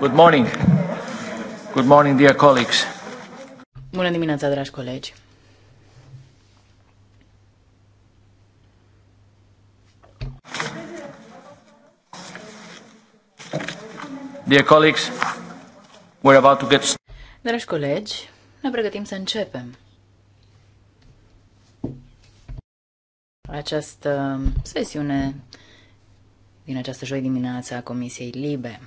Good morning. Good morning, dear colleagues. Bună dimineața, dragi colegi. Dear colleagues, we're about to get Dragi colegi, ne pregătim să începem. Această sesiune din această joi dimineață a Comisiei Libe.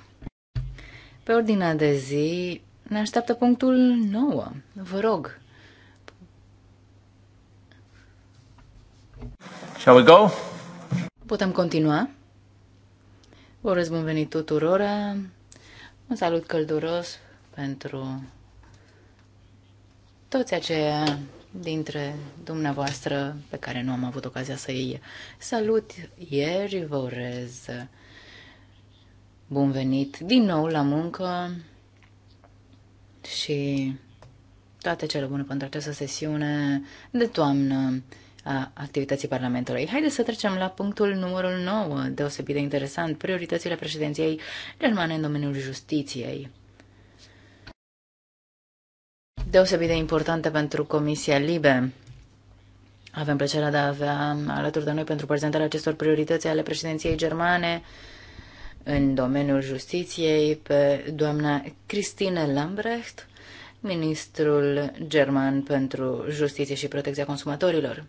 Pe ordinea de zi ne așteaptă punctul 9. Vă rog. Shall we go? Putem continua? Vă urez bun venit tuturora. Un salut călduros pentru toți aceia dintre dumneavoastră pe care nu am avut ocazia să îi salut ieri. Vă urez Bun venit din nou la muncă și toate cele bune pentru această sesiune de toamnă a activității Parlamentului. Haideți să trecem la punctul numărul 9, deosebit de interesant, prioritățile președinției germane în domeniul justiției. Deosebit de importante pentru Comisia Libe. Avem plăcerea de a avea alături de noi pentru prezentarea acestor priorități ale președinției germane în domeniul justiției pe doamna Cristine Lambrecht, ministrul german pentru justiție și protecția consumatorilor.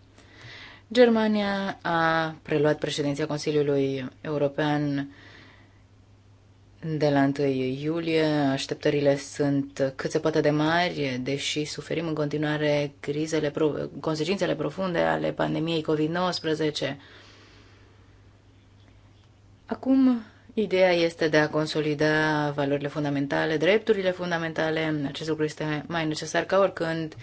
Germania a preluat președinția Consiliului European de la 1 iulie. Așteptările sunt cât se poate de mari, deși suferim în continuare crizele, consecințele profunde ale pandemiei COVID-19. Acum Ideea este de a consolida valorile fundamentale, drepturile fundamentale. Acest lucru este mai necesar ca oricând,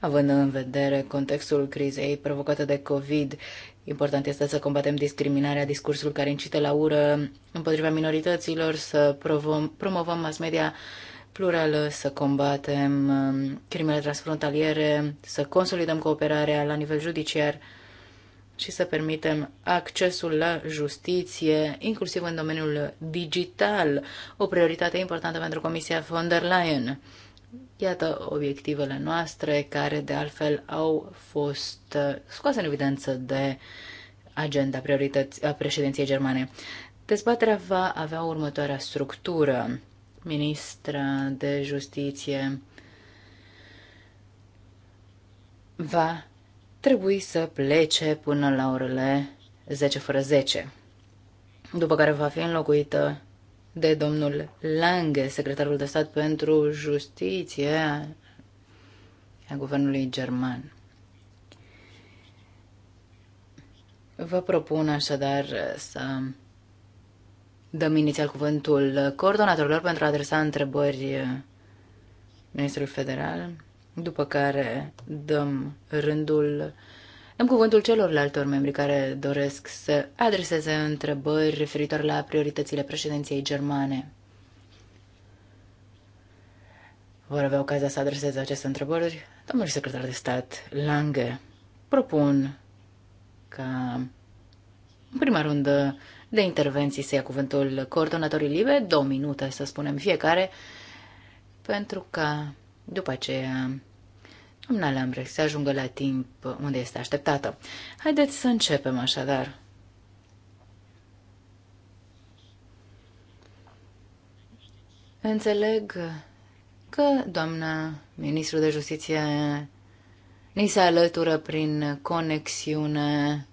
având în vedere contextul crizei provocată de COVID. Important este să combatem discriminarea, discursul care incite la ură împotriva minorităților, să provom, promovăm mass media plurală, să combatem um, crimele transfrontaliere, să consolidăm cooperarea la nivel judiciar și să permitem accesul la justiție, inclusiv în domeniul digital, o prioritate importantă pentru Comisia von der Leyen. Iată obiectivele noastre, care de altfel au fost uh, scoase în evidență de agenda priorități a președinției germane. Dezbaterea va avea următoarea structură. Ministra de Justiție va trebui să plece până la orele 10 fără 10, după care va fi înlocuită de domnul Lange, secretarul de stat pentru justiție a guvernului german. Vă propun așadar să dăm inițial cuvântul coordonatorilor pentru a adresa întrebări Ministrului Federal, după care dăm rândul, dăm cuvântul celorlaltor membri care doresc să adreseze întrebări referitoare la prioritățile președinției germane. Vor avea ocazia să adreseze aceste întrebări. Domnul secretar de stat Lange, propun ca în prima rundă de intervenții să ia cuvântul coordonatorii libe, două minute să spunem fiecare, pentru că după aceea Doamna Lambrecht să ajungă la timp unde este așteptată. Haideți să începem așadar. Înțeleg că doamna ministru de justiție ni se alătură prin conexiune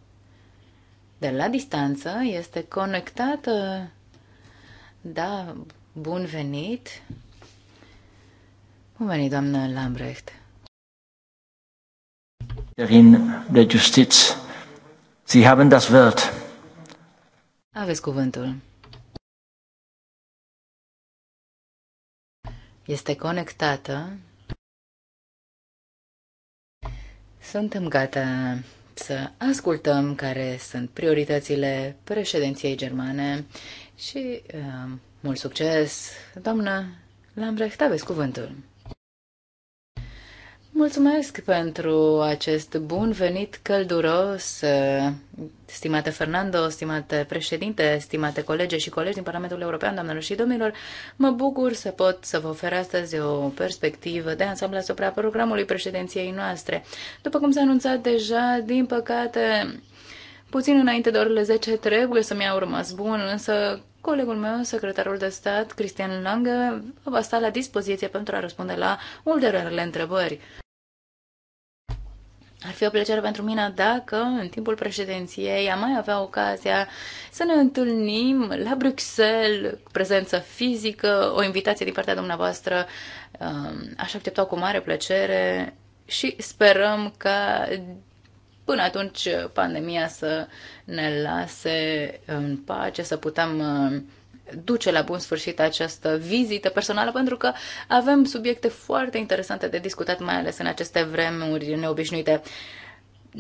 de la distanță, este conectată. Da, bun venit. Bun venit, doamna Lambrecht. Ministerin de Justiz. Sie haben das Wort. Aveți cuvântul. Este conectată. Suntem gata să ascultăm care sunt prioritățile președinției germane și uh, mult succes, doamnă Lambrecht, aveți cuvântul. Mulțumesc pentru acest bun venit călduros, stimate Fernando, stimate președinte, stimate colege și colegi din Parlamentul European, doamnelor și domnilor. Mă bucur să pot să vă ofer astăzi o perspectivă de ansamblu asupra programului președinției noastre. După cum s-a anunțat deja, din păcate, puțin înainte de orele 10 trebuie să-mi iau rămas bun, însă Colegul meu, secretarul de stat, Cristian Lange, va sta la dispoziție pentru a răspunde la ulterioarele întrebări. Ar fi o plăcere pentru mine dacă în timpul președinției am mai avea ocazia să ne întâlnim la Bruxelles, cu prezență fizică, o invitație din partea dumneavoastră. Um, aș accepta cu mare plăcere și sperăm că până atunci pandemia să ne lase în pace, să putem um, duce la bun sfârșit această vizită personală, pentru că avem subiecte foarte interesante de discutat, mai ales în aceste vremuri neobișnuite.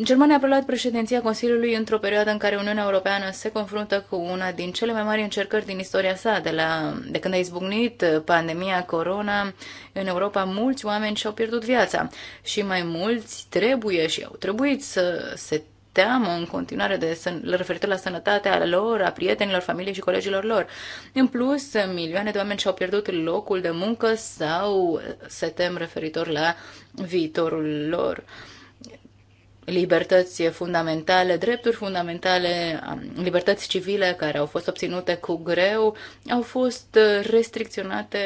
Germania a preluat președinția Consiliului într-o perioadă în care Uniunea Europeană se confruntă cu una din cele mai mari încercări din istoria sa. De, la, de când a izbucnit pandemia corona, în Europa mulți oameni și-au pierdut viața și mai mulți trebuie și au trebuit să se teamă în continuare de referitor la sănătatea lor, a prietenilor, familiei și colegilor lor. În plus, milioane de oameni și-au pierdut locul de muncă sau se tem referitor la viitorul lor libertăți fundamentale, drepturi fundamentale, libertăți civile care au fost obținute cu greu, au fost restricționate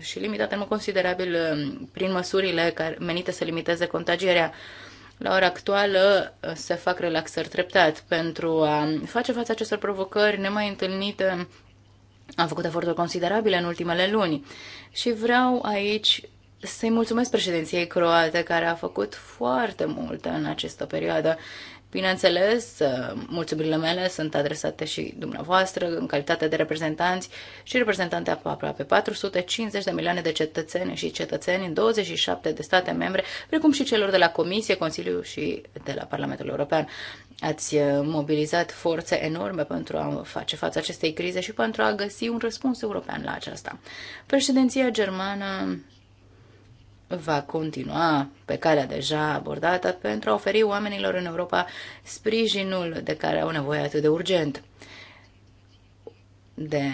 și limitate în mod considerabil um, prin măsurile care, menite să limiteze contagierea. La ora actuală uh, se fac relaxări treptat pentru a face față acestor provocări nemai întâlnite. Am făcut eforturi considerabile în ultimele luni și vreau aici să-i mulțumesc președinției croate care a făcut foarte multe în această perioadă Bineînțeles, uh, mulțumirile mele sunt adresate și dumneavoastră în calitate de reprezentanți și reprezentante a aproape 450 de milioane de cetățeni și cetățeni în 27 de state membre, precum și celor de la Comisie, Consiliu și de la Parlamentul European. Ați uh, mobilizat forțe enorme pentru a face față acestei crize și pentru a găsi un răspuns european la aceasta. Președinția germană va continua pe calea deja abordată pentru a oferi oamenilor în Europa sprijinul de care au nevoie atât de urgent. De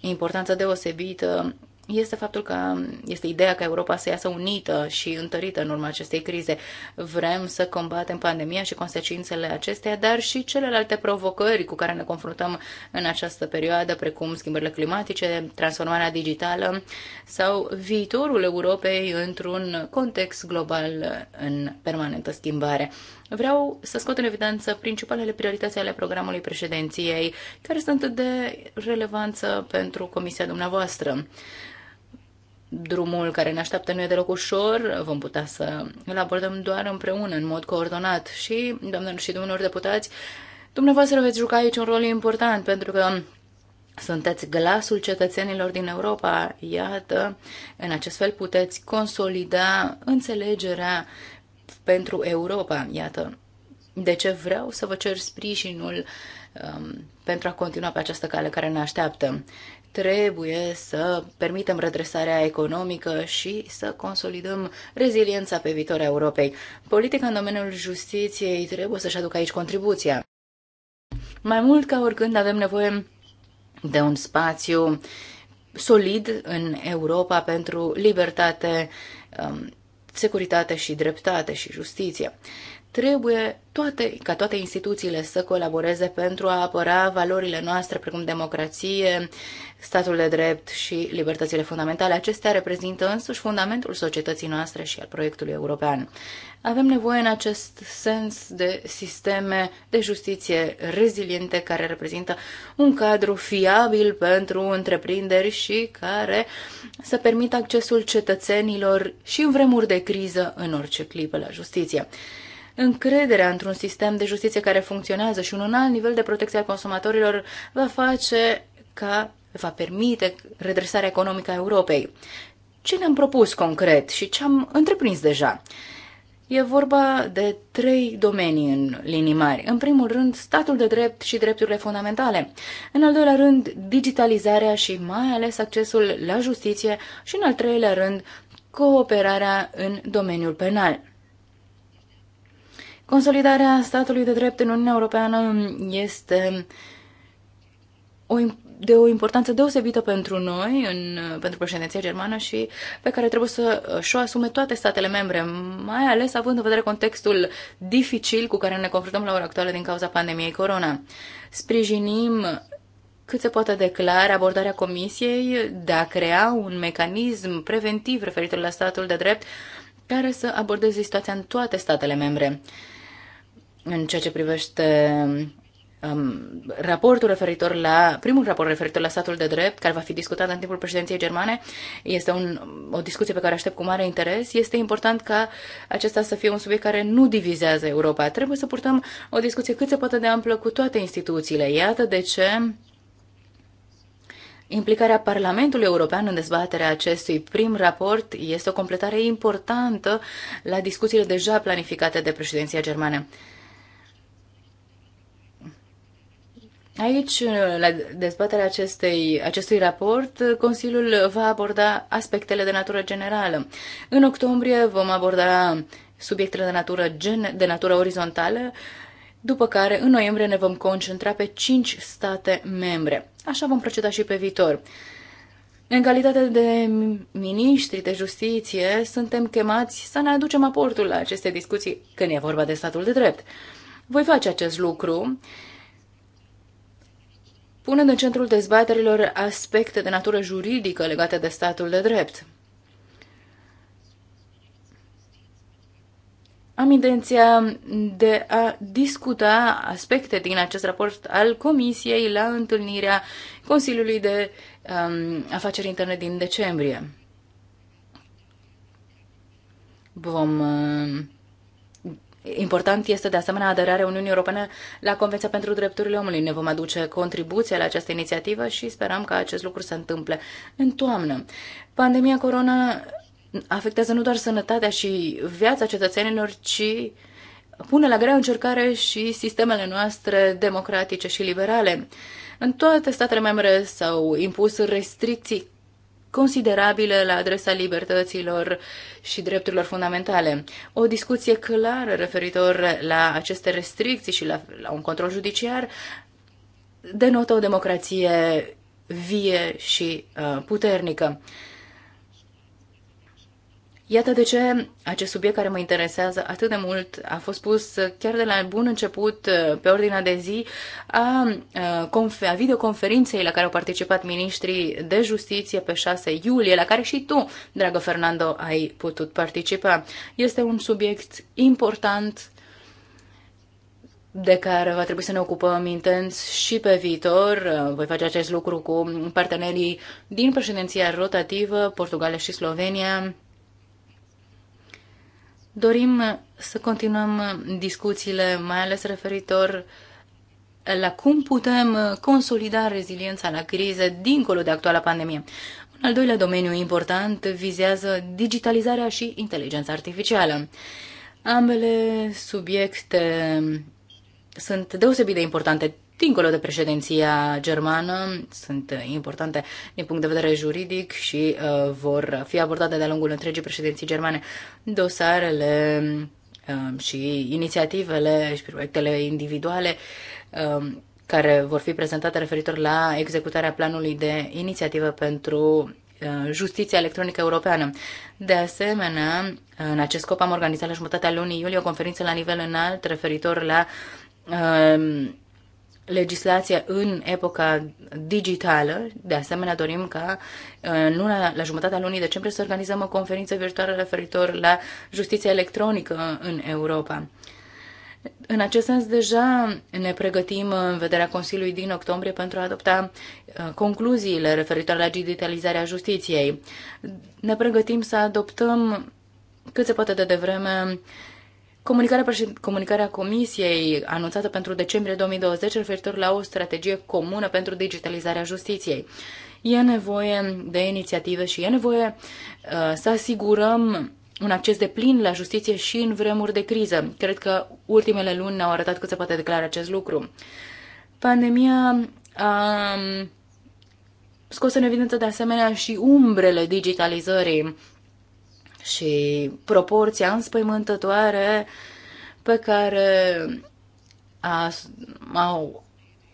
importanță deosebită este faptul că este ideea ca Europa să iasă unită și întărită în urma acestei crize. Vrem să combatem pandemia și consecințele acesteia, dar și celelalte provocări cu care ne confruntăm în această perioadă, precum schimbările climatice, transformarea digitală sau viitorul Europei într-un context global în permanentă schimbare. Vreau să scot în evidență principalele priorități ale programului președinției, care sunt de relevanță pentru comisia dumneavoastră. Drumul care ne așteaptă nu e deloc ușor, vom putea să îl abordăm doar împreună, în mod coordonat. Și, doamnelor și domnilor deputați, dumneavoastră veți juca aici un rol important, pentru că sunteți glasul cetățenilor din Europa. Iată, în acest fel puteți consolida înțelegerea pentru Europa. Iată, de ce vreau să vă cer sprijinul um, pentru a continua pe această cale care ne așteaptă. Trebuie să permitem redresarea economică și să consolidăm reziliența pe viitor a Europei. Politica în domeniul justiției trebuie să-și aducă aici contribuția. Mai mult ca oricând avem nevoie de un spațiu solid în Europa pentru libertate, um, securitate și dreptate și justiție. Trebuie toate, ca toate instituțiile să colaboreze pentru a apăra valorile noastre, precum democrație, statul de drept și libertățile fundamentale. Acestea reprezintă însuși fundamentul societății noastre și al proiectului european. Avem nevoie în acest sens de sisteme de justiție reziliente care reprezintă un cadru fiabil pentru întreprinderi și care să permită accesul cetățenilor și în vremuri de criză în orice clipă la justiție. Încrederea într-un sistem de justiție care funcționează și un alt nivel de protecție al consumatorilor va face ca va permite redresarea economică a Europei. Ce ne-am propus concret și ce am întreprins deja? E vorba de trei domenii în linii mari. În primul rând, statul de drept și drepturile fundamentale. În al doilea rând, digitalizarea și mai ales accesul la justiție. Și în al treilea rând, cooperarea în domeniul penal. Consolidarea statului de drept în Uniunea Europeană este o de o importanță deosebită pentru noi, în, pentru președinția germană și pe care trebuie să uh, și-o asume toate statele membre, mai ales având în vedere contextul dificil cu care ne confruntăm la ora actuală din cauza pandemiei corona. Sprijinim cât se poate declara abordarea Comisiei de a crea un mecanism preventiv referitor la statul de drept care să abordeze situația în toate statele membre. În ceea ce privește um, raportul referitor la, primul raport referitor la statul de drept, care va fi discutat în timpul președinției germane, este un, o discuție pe care aștept cu mare interes. Este important ca acesta să fie un subiect care nu divizează Europa. Trebuie să purtăm o discuție cât se poate de amplă cu toate instituțiile. Iată de ce Implicarea Parlamentului European în dezbaterea acestui prim raport este o completare importantă la discuțiile deja planificate de președinția germană. Aici, la dezbaterea acestei, acestui raport, Consiliul va aborda aspectele de natură generală. În octombrie vom aborda subiectele de natură, gen, de natură orizontală, după care în noiembrie ne vom concentra pe 5 state membre. Așa vom proceda și pe viitor. În calitate de miniștri de justiție, suntem chemați să ne aducem aportul la aceste discuții când e vorba de statul de drept. Voi face acest lucru punând în centrul dezbaterilor aspecte de natură juridică legate de statul de drept. Am intenția de a discuta aspecte din acest raport al Comisiei la întâlnirea Consiliului de um, Afaceri Interne din decembrie. Vom uh, Important este de asemenea aderarea Uniunii Europene la Convenția pentru Drepturile Omului. Ne vom aduce contribuție la această inițiativă și sperăm ca acest lucru să întâmple în toamnă. Pandemia corona afectează nu doar sănătatea și viața cetățenilor, ci pune la grea încercare și sistemele noastre democratice și liberale. În toate statele membre s-au impus restricții considerabile la adresa libertăților și drepturilor fundamentale. O discuție clară referitor la aceste restricții și la, la un control judiciar denotă o democrație vie și uh, puternică. Uh, Iată de ce acest subiect care mă interesează atât de mult a fost pus chiar de la bun început uh, pe ordinea de zi a, uh, a videoconferinței la care au participat ministrii de justiție pe 6 iulie, la care și tu, dragă Fernando, ai putut participa. Este un subiect important de care va trebui să ne ocupăm intens și pe viitor. Uh, voi face acest lucru cu partenerii din președinția rotativă, Portugalia și Slovenia Dorim să continuăm discuțiile, mai ales referitor la cum putem consolida reziliența la crize dincolo de actuala pandemie. Un al doilea domeniu important vizează digitalizarea și inteligența artificială. Ambele subiecte sunt deosebit de importante dincolo de președinția germană, sunt importante din punct de vedere juridic și uh, vor fi abordate de-a lungul întregii președinții germane dosarele uh, și inițiativele și proiectele individuale uh, care vor fi prezentate referitor la executarea planului de inițiativă pentru uh, Justiția Electronică Europeană. De asemenea, în acest scop am organizat la jumătatea lunii iulie o conferință la nivel înalt referitor la uh, Legislația în epoca digitală. De asemenea, dorim ca uh, în luna, la jumătatea lunii decembrie să organizăm o conferință virtuală referitor la justiția electronică în Europa. În acest sens, deja ne pregătim în vederea Consiliului din octombrie pentru a adopta uh, concluziile referitoare la digitalizarea justiției. Ne pregătim să adoptăm cât se poate de devreme Comunicarea, președ... Comunicarea Comisiei anunțată pentru decembrie 2020 referitor la o strategie comună pentru digitalizarea justiției. E nevoie de inițiative și e nevoie uh, să asigurăm un acces de plin la justiție și în vremuri de criză. Cred că ultimele luni ne-au arătat cât se poate declara acest lucru. Pandemia a um, scos în evidență de asemenea și umbrele digitalizării și proporția înspăimântătoare pe care a, au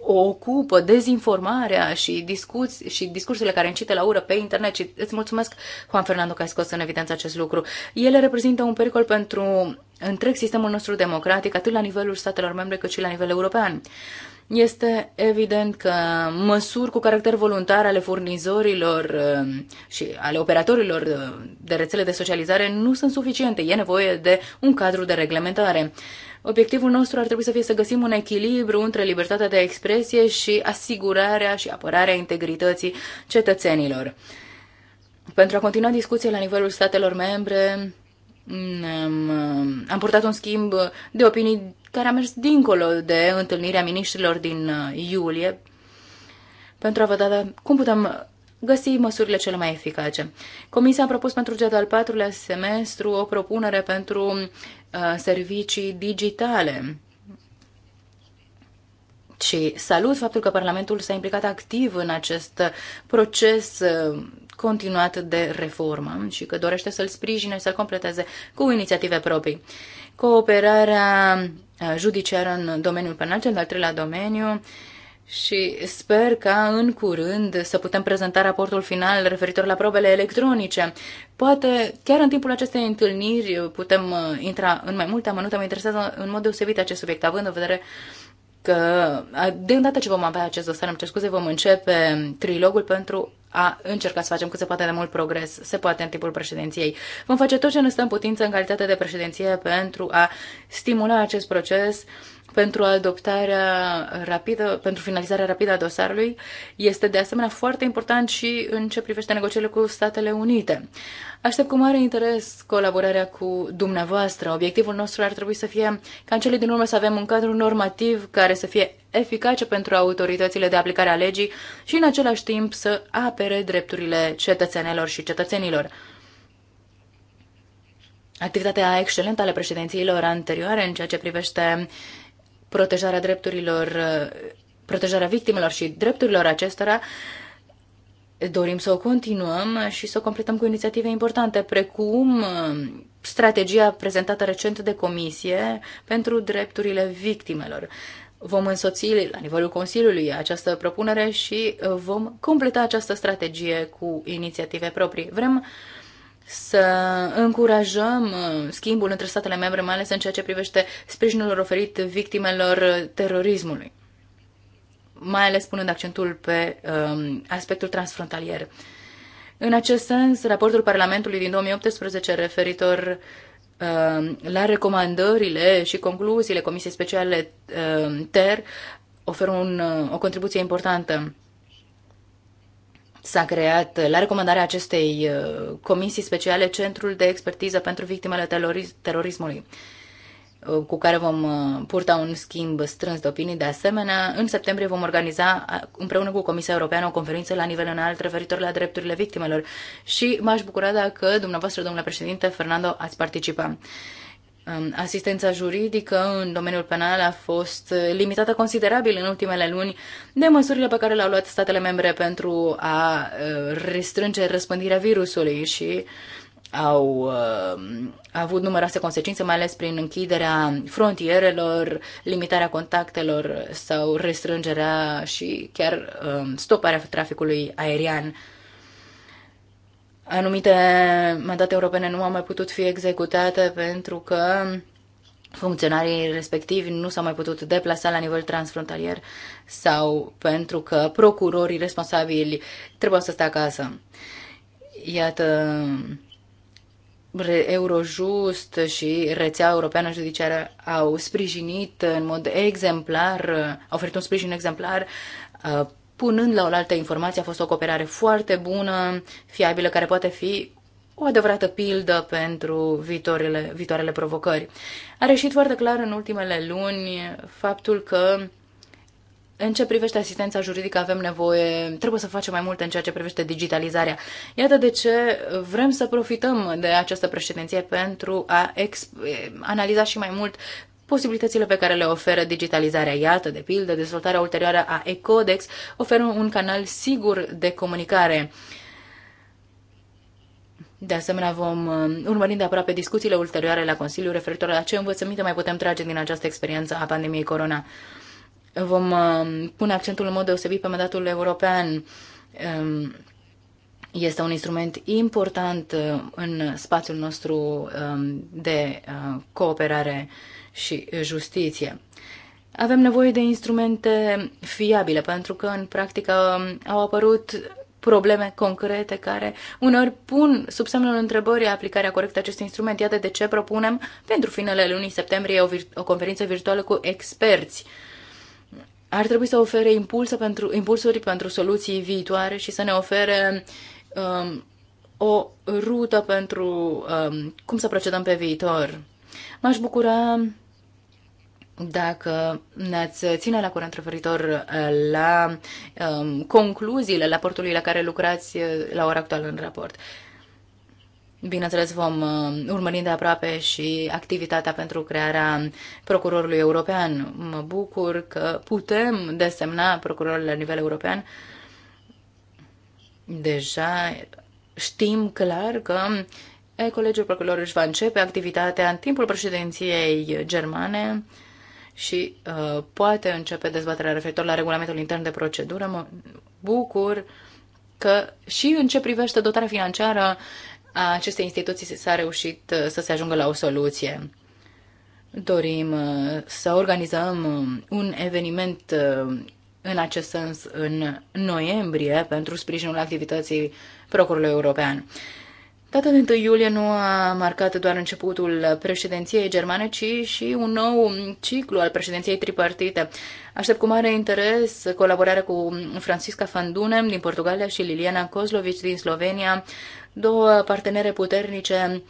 o ocupă dezinformarea și, discuț, și discursurile care încite la ură pe internet și îți mulțumesc, Juan Fernando, că ai scos în evidență acest lucru. Ele reprezintă un pericol pentru întreg sistemul nostru democratic, atât la nivelul statelor membre cât și la nivel european. Este evident că măsuri cu caracter voluntar ale furnizorilor uh, și ale operatorilor uh, de rețele de socializare nu sunt suficiente. E nevoie de un cadru de reglementare. Obiectivul nostru ar trebui să fie să găsim un echilibru între libertatea de expresie și asigurarea și apărarea integrității cetățenilor. Pentru a continua discuția la nivelul statelor membre, am, uh, am purtat un schimb de opinii care a mers dincolo de întâlnirea miniștrilor din uh, iulie pentru a vedea da, cum putem găsi măsurile cele mai eficace. Comisia a propus pentru cel al patrulea semestru o propunere pentru uh, servicii digitale. Și salut faptul că Parlamentul s-a implicat activ în acest proces uh, continuat de reformă și că dorește să-l sprijine, să-l completeze cu inițiative proprii. Cooperarea Uh, judiciar în domeniul penal, cel de-al treilea domeniu, și sper ca în curând să putem prezenta raportul final referitor la probele electronice. Poate chiar în timpul acestei întâlniri putem uh, intra în mai multe amănunte. Mă interesează în mod deosebit acest subiect, având în vedere că de îndată ce vom avea acest dosar, îmi cer scuze, vom începe trilogul pentru a încerca să facem cât se poate de mult progres, se poate în timpul președinției. Vom face tot ce ne stă în putință în calitate de președinție pentru a stimula acest proces pentru adoptarea rapidă, pentru finalizarea rapidă a dosarului, este de asemenea foarte important și în ce privește negocierile cu Statele Unite. Aștept cu mare interes colaborarea cu dumneavoastră. Obiectivul nostru ar trebui să fie ca în cele din urmă să avem un cadru normativ care să fie eficace pentru autoritățile de aplicare a legii și în același timp să apere drepturile cetățenilor și cetățenilor. Activitatea excelentă ale președințiilor anterioare în ceea ce privește uh, protejarea drepturilor, protejarea victimelor și drepturilor acestora, dorim să o continuăm și să o completăm cu inițiative importante, precum uh, strategia prezentată recent de Comisie pentru drepturile victimelor. Vom însoți la nivelul Consiliului această propunere și uh, vom completa această strategie cu inițiative proprii. Vrem uh, să încurajăm uh, schimbul între statele membre, mai ales în ceea ce privește sprijinul oferit victimelor uh, terorismului, mai ales punând accentul pe um, aspectul transfrontalier. În acest sens, raportul Parlamentului din 2018 referitor um, la recomandările și concluziile Comisiei Speciale um, TER oferă un, uh, o contribuție importantă S-a creat, la recomandarea acestei uh, comisii speciale, Centrul de Expertiză pentru Victimele Terorismului, uh, cu care vom uh, purta un schimb strâns de opinii. De asemenea, în septembrie vom organiza împreună cu Comisia Europeană o conferință la nivel înalt referitor la drepturile victimelor și m-aș bucura dacă dumneavoastră, domnule președinte Fernando, ați participa. Um, asistența juridică în domeniul penal a fost limitată considerabil în ultimele luni de măsurile pe care le-au luat statele membre pentru a uh, restrânge răspândirea virusului și au uh, avut numeroase consecințe, mai ales prin închiderea frontierelor, limitarea contactelor sau restrângerea și chiar uh, stoparea traficului aerian anumite mandate europene nu au mai putut fi executate pentru că funcționarii respectivi nu s-au mai putut deplasa la nivel transfrontalier sau pentru că procurorii responsabili trebuiau să stea acasă. Iată, Eurojust și rețea europeană judiciară au sprijinit în mod exemplar, au oferit un sprijin exemplar uh, punând la oaltă informație a fost o cooperare foarte bună, fiabilă, care poate fi o adevărată pildă pentru viitoarele, viitoarele provocări. A reșit foarte clar în ultimele luni faptul că în ce privește asistența juridică avem nevoie, trebuie să facem mai multe în ceea ce privește digitalizarea. Iată de ce vrem să profităm de această președinție pentru a analiza și mai mult posibilitățile pe care le oferă digitalizarea. Iată, de pildă, dezvoltarea ulterioară a Ecodex oferă un canal sigur de comunicare. De asemenea, vom uh, urmări de aproape discuțiile ulterioare la Consiliu referitor la ce învățăminte mai putem trage din această experiență a pandemiei corona. Vom uh, pune accentul în mod deosebit pe mandatul european. Um, este un instrument important uh, în spațiul nostru um, de cooperare și justiție. Avem nevoie de instrumente fiabile, pentru că în practică au apărut probleme concrete care uneori pun sub semnul întrebării aplicarea corectă a acestui instrument. Iată de ce propunem pentru finele lunii septembrie o, vir- o conferință virtuală cu experți. Ar trebui să ofere impulsă pentru, impulsuri pentru soluții viitoare și să ne ofere um, o rută pentru um, cum să procedăm pe viitor. M-aș bucura dacă ne-ați ține la curent referitor uh, la um, concluziile raportului la care lucrați uh, la ora actuală în raport. Bineînțeles, vom uh, urmări de aproape și activitatea pentru crearea procurorului european. Mă bucur că putem desemna procurorul la nivel european. Deja știm clar că Colegiul Procurorilor își va începe activitatea în timpul președinției germane și uh, poate începe dezbaterea referitor la regulamentul intern de procedură. Mă bucur că și în ce privește dotarea financiară a acestei instituții s-a reușit uh, să se ajungă la o soluție. Dorim uh, să organizăm uh, un eveniment în acest sens în noiembrie pentru sprijinul activității Procurului European. Data de 1 iulie nu a marcat doar începutul președinției germane, ci și un nou ciclu al președinției tripartite. Aștept cu mare interes colaborarea cu Francisca Fandunem din Portugalia și Liliana Kozlovici din Slovenia, două partenere puternice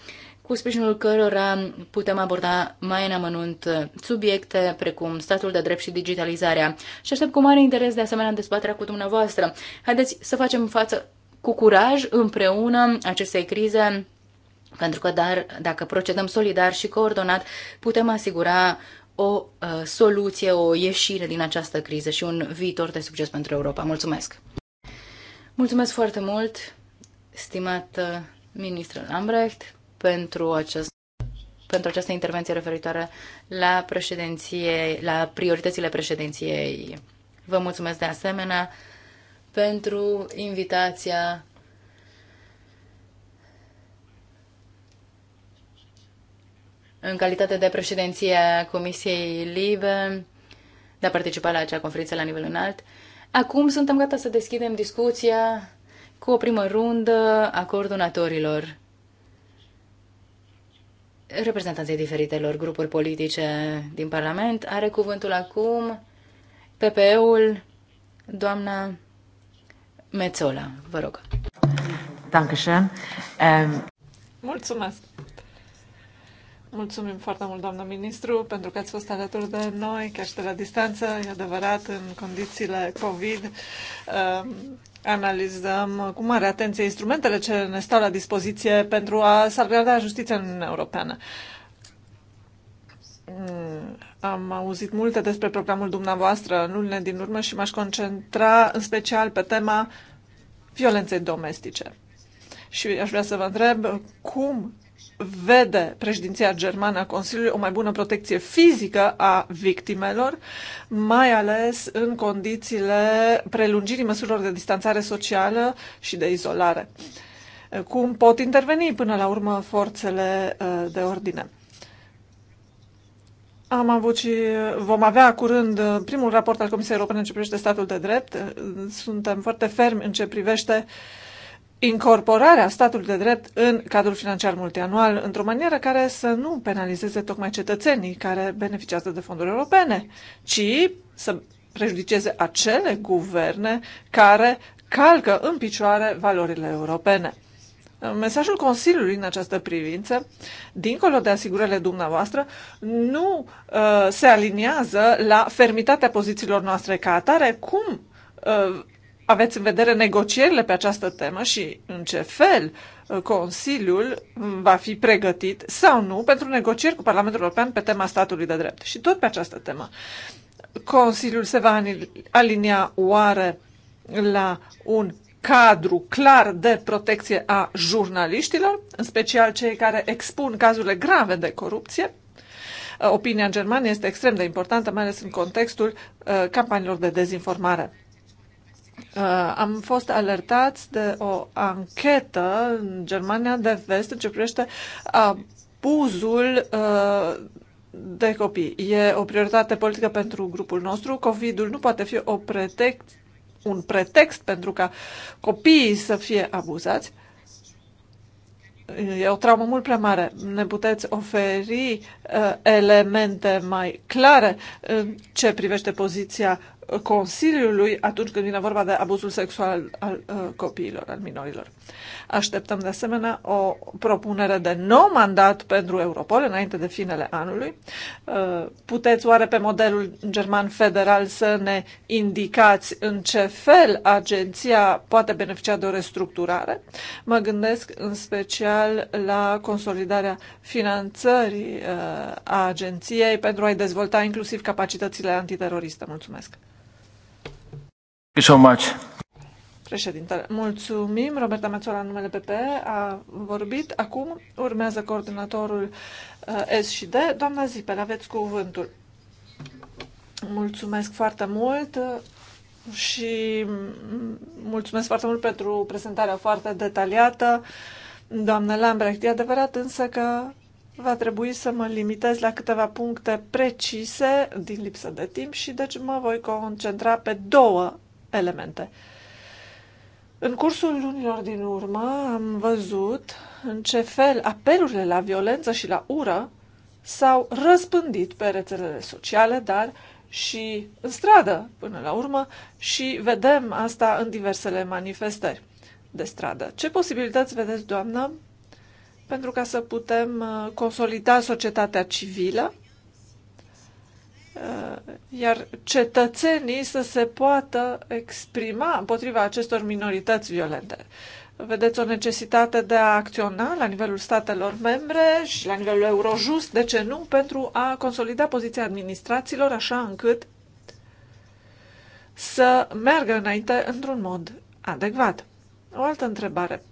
cu sprijinul cărora putem aborda mai în amănunt subiecte precum statul de drept și digitalizarea. Și aștept cu mare interes de asemenea dezbaterea cu dumneavoastră. Haideți să facem față cu curaj împreună acestei crize, pentru că dar, dacă procedăm solidar și coordonat, putem asigura o uh, soluție, o ieșire din această criză și un viitor de succes pentru Europa. Mulțumesc! Mulțumesc foarte mult, stimat ministrul Lambrecht, pentru această pentru această intervenție referitoare la președinție, la prioritățile președinției. Vă mulțumesc de asemenea pentru invitația în calitate de președinție a Comisiei Libe de a participa la acea conferință la nivel înalt. Acum suntem gata să deschidem discuția cu o primă rundă a coordonatorilor, reprezentanții diferitelor grupuri politice din Parlament. Are cuvântul acum PPE-ul, doamna Mețola, vă rog. Dankeschön. Ähm, Mulțumesc. Mulțumim foarte mult, doamnă ministru, pentru că ați fost alături de noi, chiar și de la distanță. E adevărat, în condițiile COVID, ehm, analizăm cu mare atenție instrumentele ce ne stau la dispoziție pentru a salvaguarda justiția în Europeană. Mm, am auzit multe despre programul dumneavoastră în lunile din urmă și m-aș concentra în special pe tema violenței domestice. Și aș vrea să vă întreb cum vede președinția germană a Consiliului o mai bună protecție fizică a victimelor, mai ales în condițiile prelungirii măsurilor de distanțare socială și de izolare. Cum pot interveni până la urmă forțele uh, de ordine? Am avut și vom avea curând uh, primul raport al Comisiei Europene în ce privește statul de drept. Uh, suntem foarte fermi în ce privește incorporarea statului de drept în cadrul financiar multianual într-o manieră care să nu penalizeze tocmai cetățenii care beneficiază de fonduri europene, ci să prejudiceze acele guverne care calcă în picioare valorile europene. Mesajul Consiliului în această privință, dincolo de asigurările dumneavoastră, nu uh, se aliniază la fermitatea pozițiilor noastre ca atare. Cum uh, aveți în vedere negocierile pe această temă și în ce fel uh, Consiliul va fi pregătit sau nu pentru negocieri cu Parlamentul European pe tema statului de drept. Și tot pe această temă. Consiliul se va alinia oare la un cadru clar de protecție a jurnaliștilor, în special cei care expun cazurile grave de corupție. Uh, opinia în Germania este extrem de importantă, mai ales în contextul uh, campaniilor de dezinformare. Uh, am fost alertați de o anchetă în Germania de vest în ce privește abuzul de copii. E o prioritate politică pentru grupul nostru. COVID-ul nu poate fi o pretext un pretext pentru ca copiii să fie abuzați, e o traumă mult prea mare. Ne puteți oferi uh, elemente mai clare în ce privește poziția Consiliului atunci când vine vorba de abuzul sexual al uh, copiilor, al minorilor. Așteptăm de asemenea o propunere de nou mandat pentru Europol înainte de finele anului. Uh, puteți oare pe modelul german federal să ne indicați în ce fel agenția poate beneficia de o restructurare? Mă gândesc în special la consolidarea finanțării uh, a agenției pentru a-i dezvolta inclusiv capacitățile antiteroriste. Mulțumesc! so much. Președintele, mulțumim. Roberta Mețola, în numele PP, a vorbit. Acum urmează coordonatorul uh, S și D. Doamna Zipel, aveți cuvântul. Mulțumesc foarte mult uh, și mulțumesc foarte mult pentru prezentarea foarte detaliată. Doamna Lambrecht, e adevărat însă că va trebui să mă limitez la câteva puncte precise din lipsă de timp și deci mă voi concentra pe două elemente. În cursul lunilor din urmă am văzut în ce fel apelurile la violență și la ură s-au răspândit pe rețelele sociale, dar și în stradă, până la urmă, și vedem asta în diversele manifestări de stradă. Ce posibilități vedeți, doamnă, pentru ca să putem uh, consolida societatea civilă iar cetățenii să se poată exprima împotriva acestor minorități violente. Vedeți o necesitate de a acționa la nivelul statelor membre și la nivelul Eurojust, de ce nu, pentru a consolida poziția administrațiilor așa încât să meargă înainte într-un mod adecvat. O altă întrebare.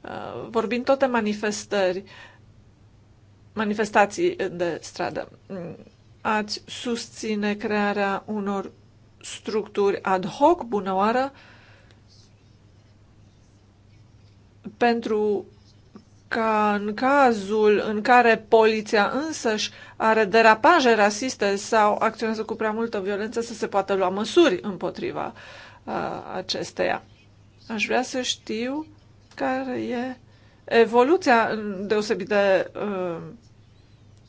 Uh, Vorbim tot de manifestări, manifestații de stradă. Mm, ați susține crearea unor structuri ad hoc, bună oară, pentru ca în cazul în care poliția însăși are derapaje rasiste sau acționează cu prea multă violență să se poată lua măsuri împotriva uh, acesteia. Aș vrea să știu care e evoluția deosebit de uh,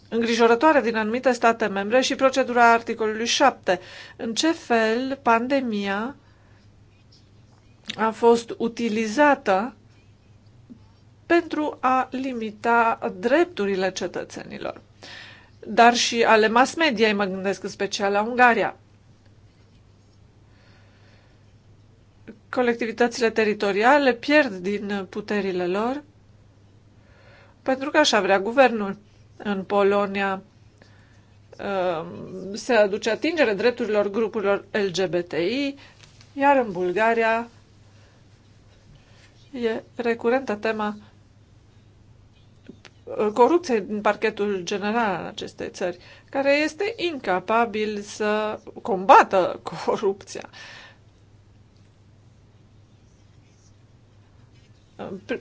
îngrijorătoare din anumite state membre și procedura articolului 7. În ce fel pandemia a fost utilizată pentru a limita drepturile cetățenilor, dar și ale mass media, mă gândesc în special la Ungaria. Colectivitățile teritoriale pierd din puterile lor pentru că așa vrea guvernul în Polonia um, se aduce atingere drepturilor grupurilor LGBTI, iar în Bulgaria e recurentă tema uh, corupției din parchetul general al acestei țări, care este incapabil să combată corupția.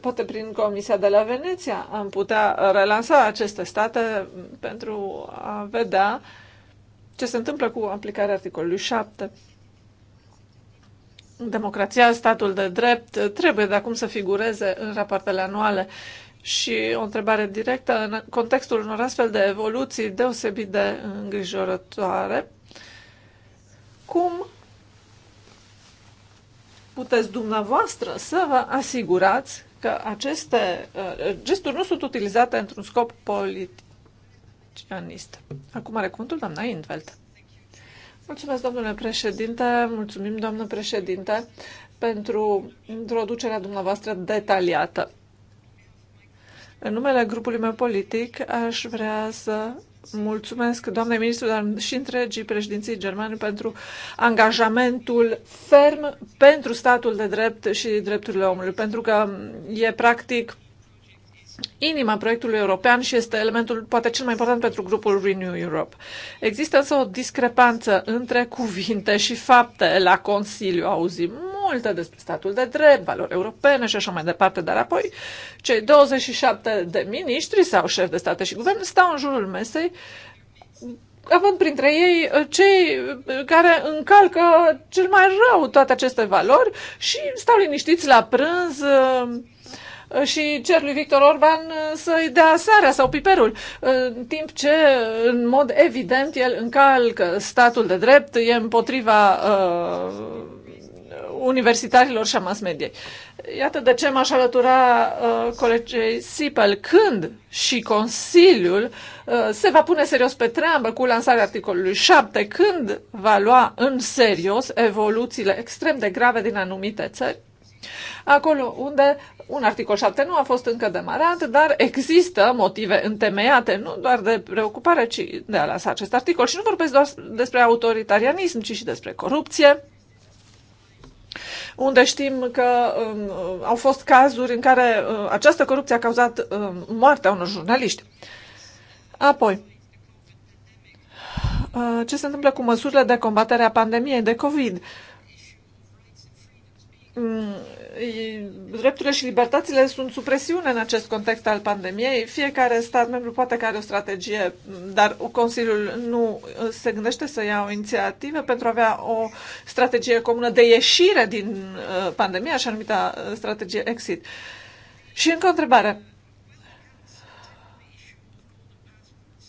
poate prin Comisia de la Veneția am putea relansa aceste state pentru a vedea ce se întâmplă cu aplicarea articolului 7. Democrația, statul de drept trebuie de acum să figureze în rapoartele anuale și o întrebare directă în contextul unor astfel de evoluții deosebit de îngrijorătoare. Cum puteți dumneavoastră să vă asigurați că aceste uh, gesturi nu sunt utilizate într-un scop politicianist. Acum are cuvântul doamna Indveld. Mulțumesc, domnule președinte, mulțumim, doamnă președinte, pentru introducerea dumneavoastră detaliată. În numele grupului meu politic aș vrea să mulțumesc doamne ministru, dar și întregii președinții germane pentru angajamentul ferm pentru statul de drept și drepturile omului, pentru că e practic inima proiectului european și este elementul poate cel mai important pentru grupul Renew Europe. Există însă o discrepanță între cuvinte și fapte la Consiliu, auzim multe despre statul de drept, valori europene și așa mai departe, dar apoi cei 27 de miniștri sau șefi de state și guvern stau în jurul mesei având printre ei uh, cei uh, care încalcă cel mai rău toate aceste valori și stau liniștiți la prânz uh, și cer lui Victor Orban să-i dea seara sau piperul, în timp ce, în mod evident, el încalcă statul de drept, e împotriva uh, universitarilor și a mass mediei. Iată de ce m-aș alătura uh, colegei Sipel când și Consiliul uh, se va pune serios pe treabă cu lansarea articolului 7, când va lua în serios evoluțiile extrem de grave din anumite țări, acolo unde un articol 7 nu a fost încă demarat, dar există motive întemeiate, nu doar de preocupare, ci de a lansa acest articol. Și nu vorbesc doar despre autoritarianism, ci și despre corupție, unde știm că um, au fost cazuri în care uh, această corupție a cauzat um, moartea unor jurnaliști. Apoi, uh, ce se întâmplă cu măsurile de combatere a pandemiei de COVID? Um, drepturile și libertățile sunt sub presiune în acest context al pandemiei. Fiecare stat membru poate că are o strategie, dar Consiliul nu uh, se gândește să ia o inițiativă pentru a avea o strategie comună de ieșire din uh, pandemie, așa numită uh, strategie exit. Și încă o întrebare.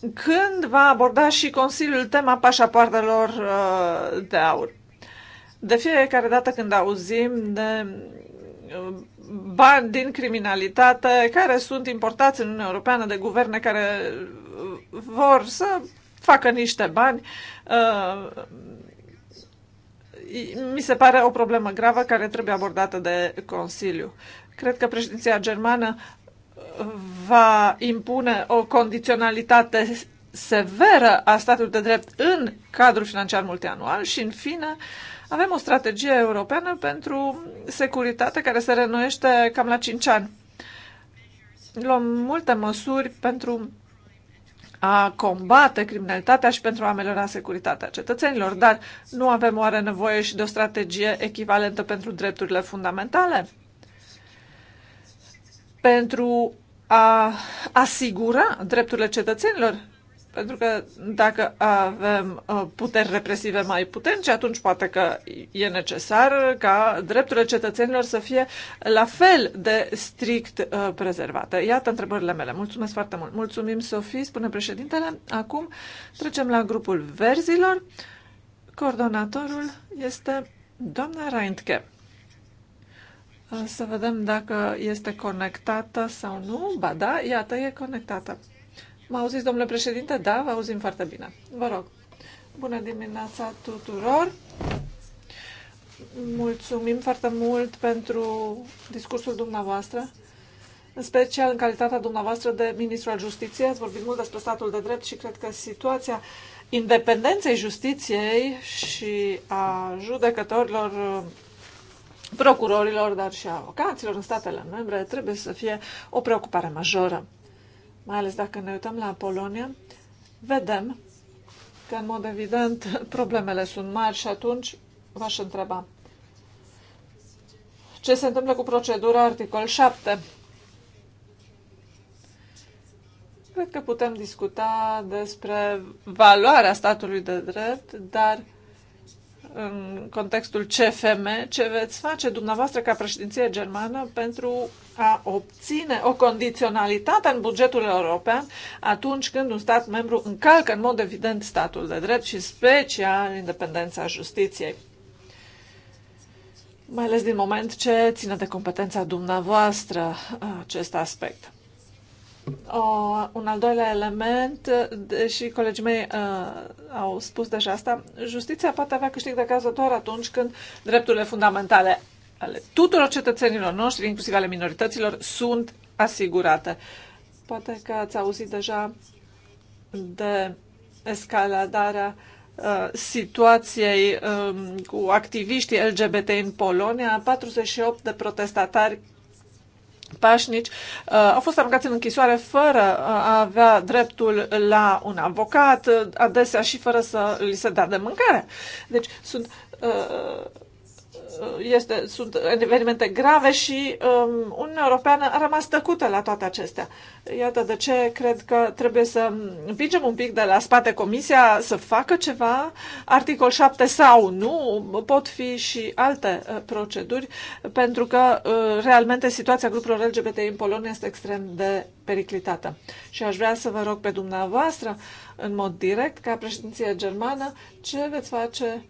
Când va aborda și Consiliul tema pașapoartelor de aur? De fiecare dată când auzim de bani din criminalitate care sunt importați în Uniunea Europeană de guverne care uh, vor să facă niște bani. Uh, mi se pare o problemă gravă care trebuie abordată de Consiliu. Cred că președinția germană uh, va impune o condiționalitate severă a statului de drept în cadrul financiar multianual și, în fine, uh, avem o strategie europeană pentru securitate care se renoiește cam la 5 ani. Luăm multe măsuri pentru a combate criminalitatea și pentru a ameliora securitatea cetățenilor, dar nu avem oare nevoie și de o strategie echivalentă pentru drepturile fundamentale? Pentru a asigura drepturile cetățenilor pentru că dacă avem uh, puteri represive mai puternice, atunci poate că e necesar ca drepturile cetățenilor să fie la fel de strict uh, prezervate. Iată întrebările mele. Mulțumesc foarte mult. Mulțumim, Sofie, spune președintele. Acum trecem la grupul verzilor. Coordonatorul este doamna Reintke. Uh, să vedem dacă este conectată sau nu. Ba da, iată, e conectată. Mă auziți, domnule președinte? Da, vă auzim foarte bine. Vă rog. Bună dimineața tuturor! Mulțumim foarte mult pentru discursul dumneavoastră, în special în calitatea dumneavoastră de ministru al justiției. Ați vorbit mult despre statul de drept și cred că situația independenței justiției și a judecătorilor, procurorilor, dar și a avocaților în statele membre trebuie să fie o preocupare majoră mai ales dacă ne uităm la Polonia, vedem că, în mod evident, problemele sunt mari și atunci v-aș întreba ce se întâmplă cu procedura articol 7. Cred că putem discuta despre valoarea statului de drept, dar în contextul CFM, ce veți face dumneavoastră ca președinție germană pentru a obține o condiționalitate în bugetul european atunci când un stat membru încalcă în mod evident statul de drept și special independența justiției. Mai ales din moment ce ține de competența dumneavoastră acest aspect un al doilea element, deși colegii mei uh, au spus deja asta, justiția poate avea câștig de cază doar atunci când drepturile fundamentale ale tuturor cetățenilor noștri, inclusiv ale minorităților, sunt asigurate. Poate că ați auzit deja de escaladarea situației um, cu activiștii LGBT în Polonia, 48 de protestatari pașnici uh, au fost aruncați în închisoare fără uh, a avea dreptul la un avocat, uh, adesea și fără să li se dea de mâncare. Deci sunt Uh, este, sunt evenimente grave și um, Uniunea Europeană a rămas tăcută la toate acestea. Iată de ce cred că trebuie să împingem un pic de la spate Comisia să facă ceva. Articol 7 sau nu, pot fi și alte uh, proceduri, pentru că uh, realmente situația grupurilor LGBT în Polonia este extrem de periclitată. Și aș vrea să vă rog pe dumneavoastră, în mod direct, ca președinție germană, ce veți face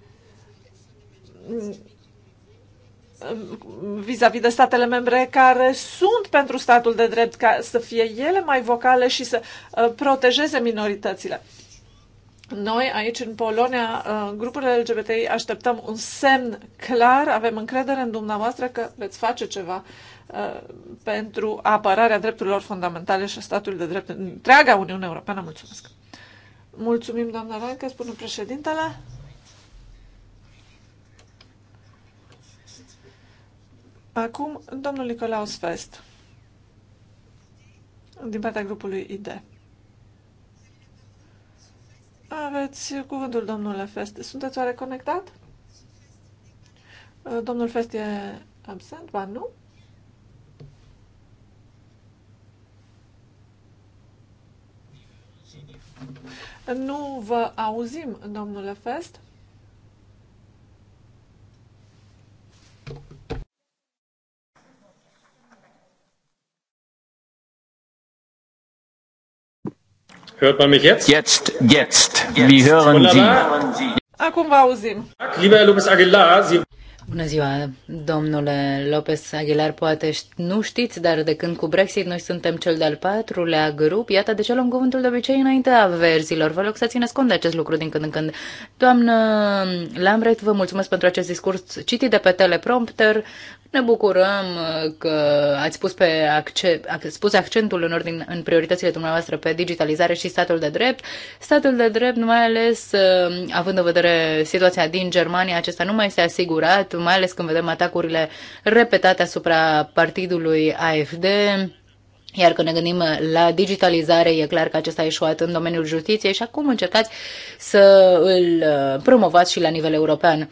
vis-a-vis -vis de statele membre care sunt pentru statul de drept, ca să fie ele mai vocale și să uh, protejeze minoritățile. Noi aici în Polonia, uh, grupurile LGBTI, așteptăm un semn clar, avem încredere în dumneavoastră că veți face ceva uh, pentru apărarea drepturilor fundamentale și a statului de drept în întreaga Uniune Europeană. Mulțumesc! Mulțumim, doamna Rancă, spune președintele. Acum, domnul Nicolaus Fest, din partea grupului ID. Aveți cuvântul, domnule Fest. Sunteți oare conectat? Uh, domnul Fest e absent, ba nu? Nu vă auzim, domnule Fest. Hört man mich jetzt? Jetzt, jetzt. Wie hören Sie? Acum vă auzim. Lopez Aguilar, Sie... Bună ziua, domnule Lopez Aguilar, poate nu știți, dar de când cu Brexit noi suntem cel de-al patrulea grup, iată de ce luăm cuvântul de obicei înaintea verzilor. Vă rog să țineți cont de acest lucru din când în când. Doamnă Lambret, vă mulțumesc pentru acest discurs citit de pe teleprompter. Ne bucurăm uh, că ați pus, pe acce- ați pus accentul în, ordine în prioritățile dumneavoastră pe digitalizare și statul de drept. Statul de drept, mai ales uh, având în vedere situația din Germania, acesta nu mai este asigurat, mai ales când vedem atacurile repetate asupra partidului AFD. Iar când ne gândim la digitalizare, e clar că acesta a ieșuat în domeniul justiției și acum încercați să îl uh, promovați și la nivel european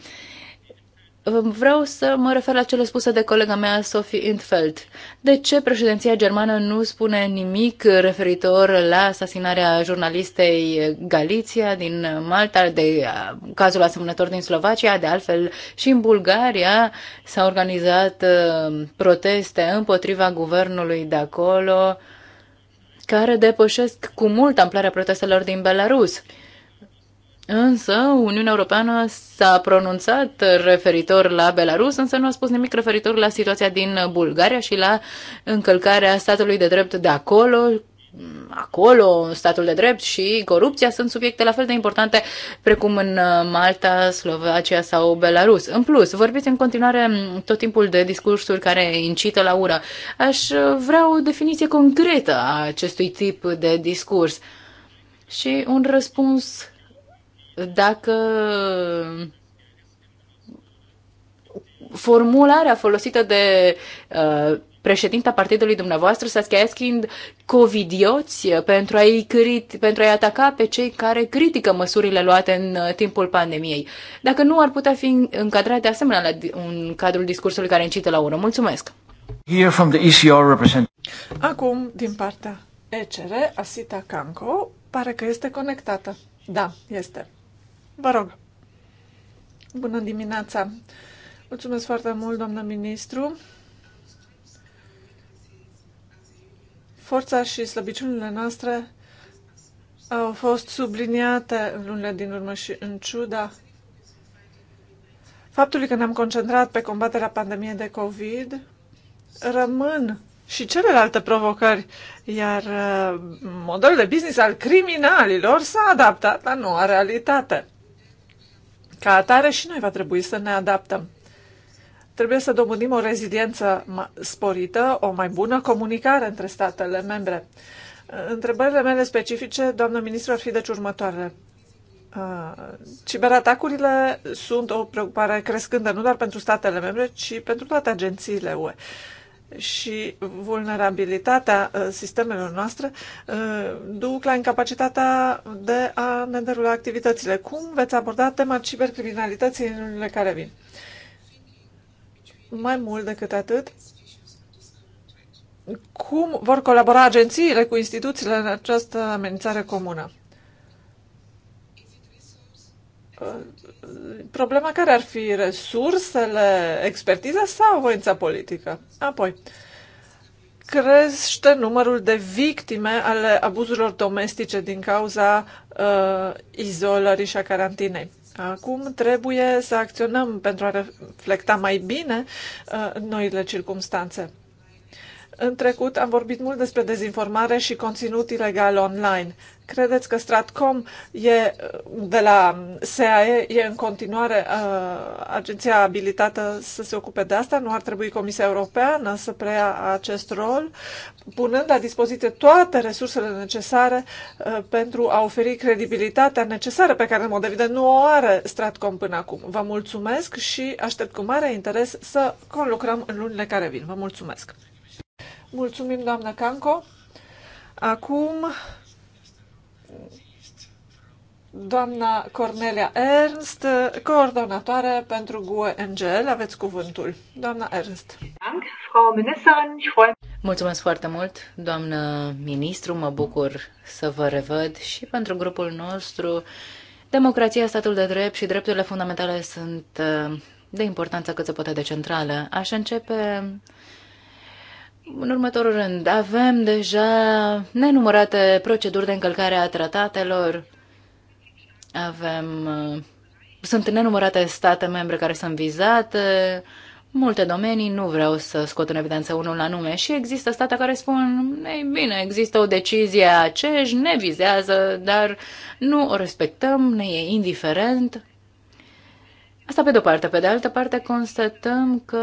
vreau să mă refer la cele spuse de colega mea, Sophie Intfeld. De ce președinția germană nu spune nimic referitor la asasinarea jurnalistei Galiția din Malta, de cazul asemănător din Slovacia, de altfel și în Bulgaria s-au organizat uh, proteste împotriva guvernului de acolo, care depășesc cu mult amplarea protestelor din Belarus. Însă, Uniunea Europeană s-a pronunțat referitor la Belarus, însă nu a spus nimic referitor la situația din Bulgaria și la încălcarea statului de drept de acolo. Acolo, statul de drept și corupția sunt subiecte la fel de importante precum în Malta, Slovacia sau Belarus. În plus, vorbiți în continuare tot timpul de discursuri care incită la ură. Aș vrea o definiție concretă a acestui tip de discurs și un răspuns dacă formularea folosită de uh, președinta partidului dumneavoastră, Saskia schimb covidioți uh, pentru a-i, crit- pentru a-i ataca pe cei care critică măsurile luate în uh, timpul pandemiei. Dacă nu, ar putea fi încadrat de asemenea la un cadrul discursului care încită la ură. Mulțumesc! Here from the ECR represent- Acum, din partea ECR, Asita Canco, pare că este conectată. Da, este. Vă rog. Bună dimineața. Mulțumesc foarte mult, doamnă ministru. Forța și slăbiciunile noastre au fost subliniate în lunile din urmă și în ciuda faptului că ne-am concentrat pe combaterea pandemiei de COVID, rămân și celelalte provocări, iar uh, modelul de business al criminalilor s-a adaptat la noua realitate. Ca atare și noi va trebui să ne adaptăm. Trebuie să domânim o reziliență sporită, o mai bună comunicare între statele membre. Întrebările mele specifice, doamnă ministru, ar fi deci următoarele. Ciberatacurile sunt o preocupare crescândă nu doar pentru statele membre, ci pentru toate agențiile UE și vulnerabilitatea uh, sistemelor noastre uh, duc la incapacitatea de a ne derula activitățile. Cum veți aborda tema cibercriminalității în lunile care vin? Mai mult decât atât, cum vor colabora agențiile cu instituțiile în această amenințare comună? Uh, problema care ar fi resursele, expertiza sau voința politică? Apoi, crește numărul de victime ale abuzurilor domestice din cauza uh, izolării și a carantinei. Acum trebuie să acționăm pentru a reflecta mai bine uh, noile circumstanțe. În trecut am vorbit mult despre dezinformare și conținut ilegal online. Credeți că Stratcom e de la SAE e în continuare uh, agenția abilitată să se ocupe de asta? Nu ar trebui Comisia Europeană să preia acest rol, punând la dispoziție toate resursele necesare uh, pentru a oferi credibilitatea necesară pe care, în mod evident, nu o are Stratcom până acum. Vă mulțumesc și aștept cu mare interes să conlucrăm în lunile care vin. Vă mulțumesc! Mulțumim, doamnă Canco. Acum, doamna Cornelia Ernst, coordonatoare pentru GUE NGL. Aveți cuvântul. Doamna Ernst. Mulțumesc foarte mult, doamnă ministru. Mă bucur să vă revăd și pentru grupul nostru. Democrația, statul de drept și drepturile fundamentale sunt uh, de importanță cât se poate de centrală. Aș începe în următorul rând, avem deja nenumărate proceduri de încălcare a tratatelor, avem, uh, sunt nenumărate state membre care sunt vizate, multe domenii, nu vreau să scot în evidență unul la nume și există state care spun, ei bine, există o decizie a CEJ, ne vizează, dar nu o respectăm, ne e indiferent. Asta pe de-o parte. Pe de altă parte, constatăm că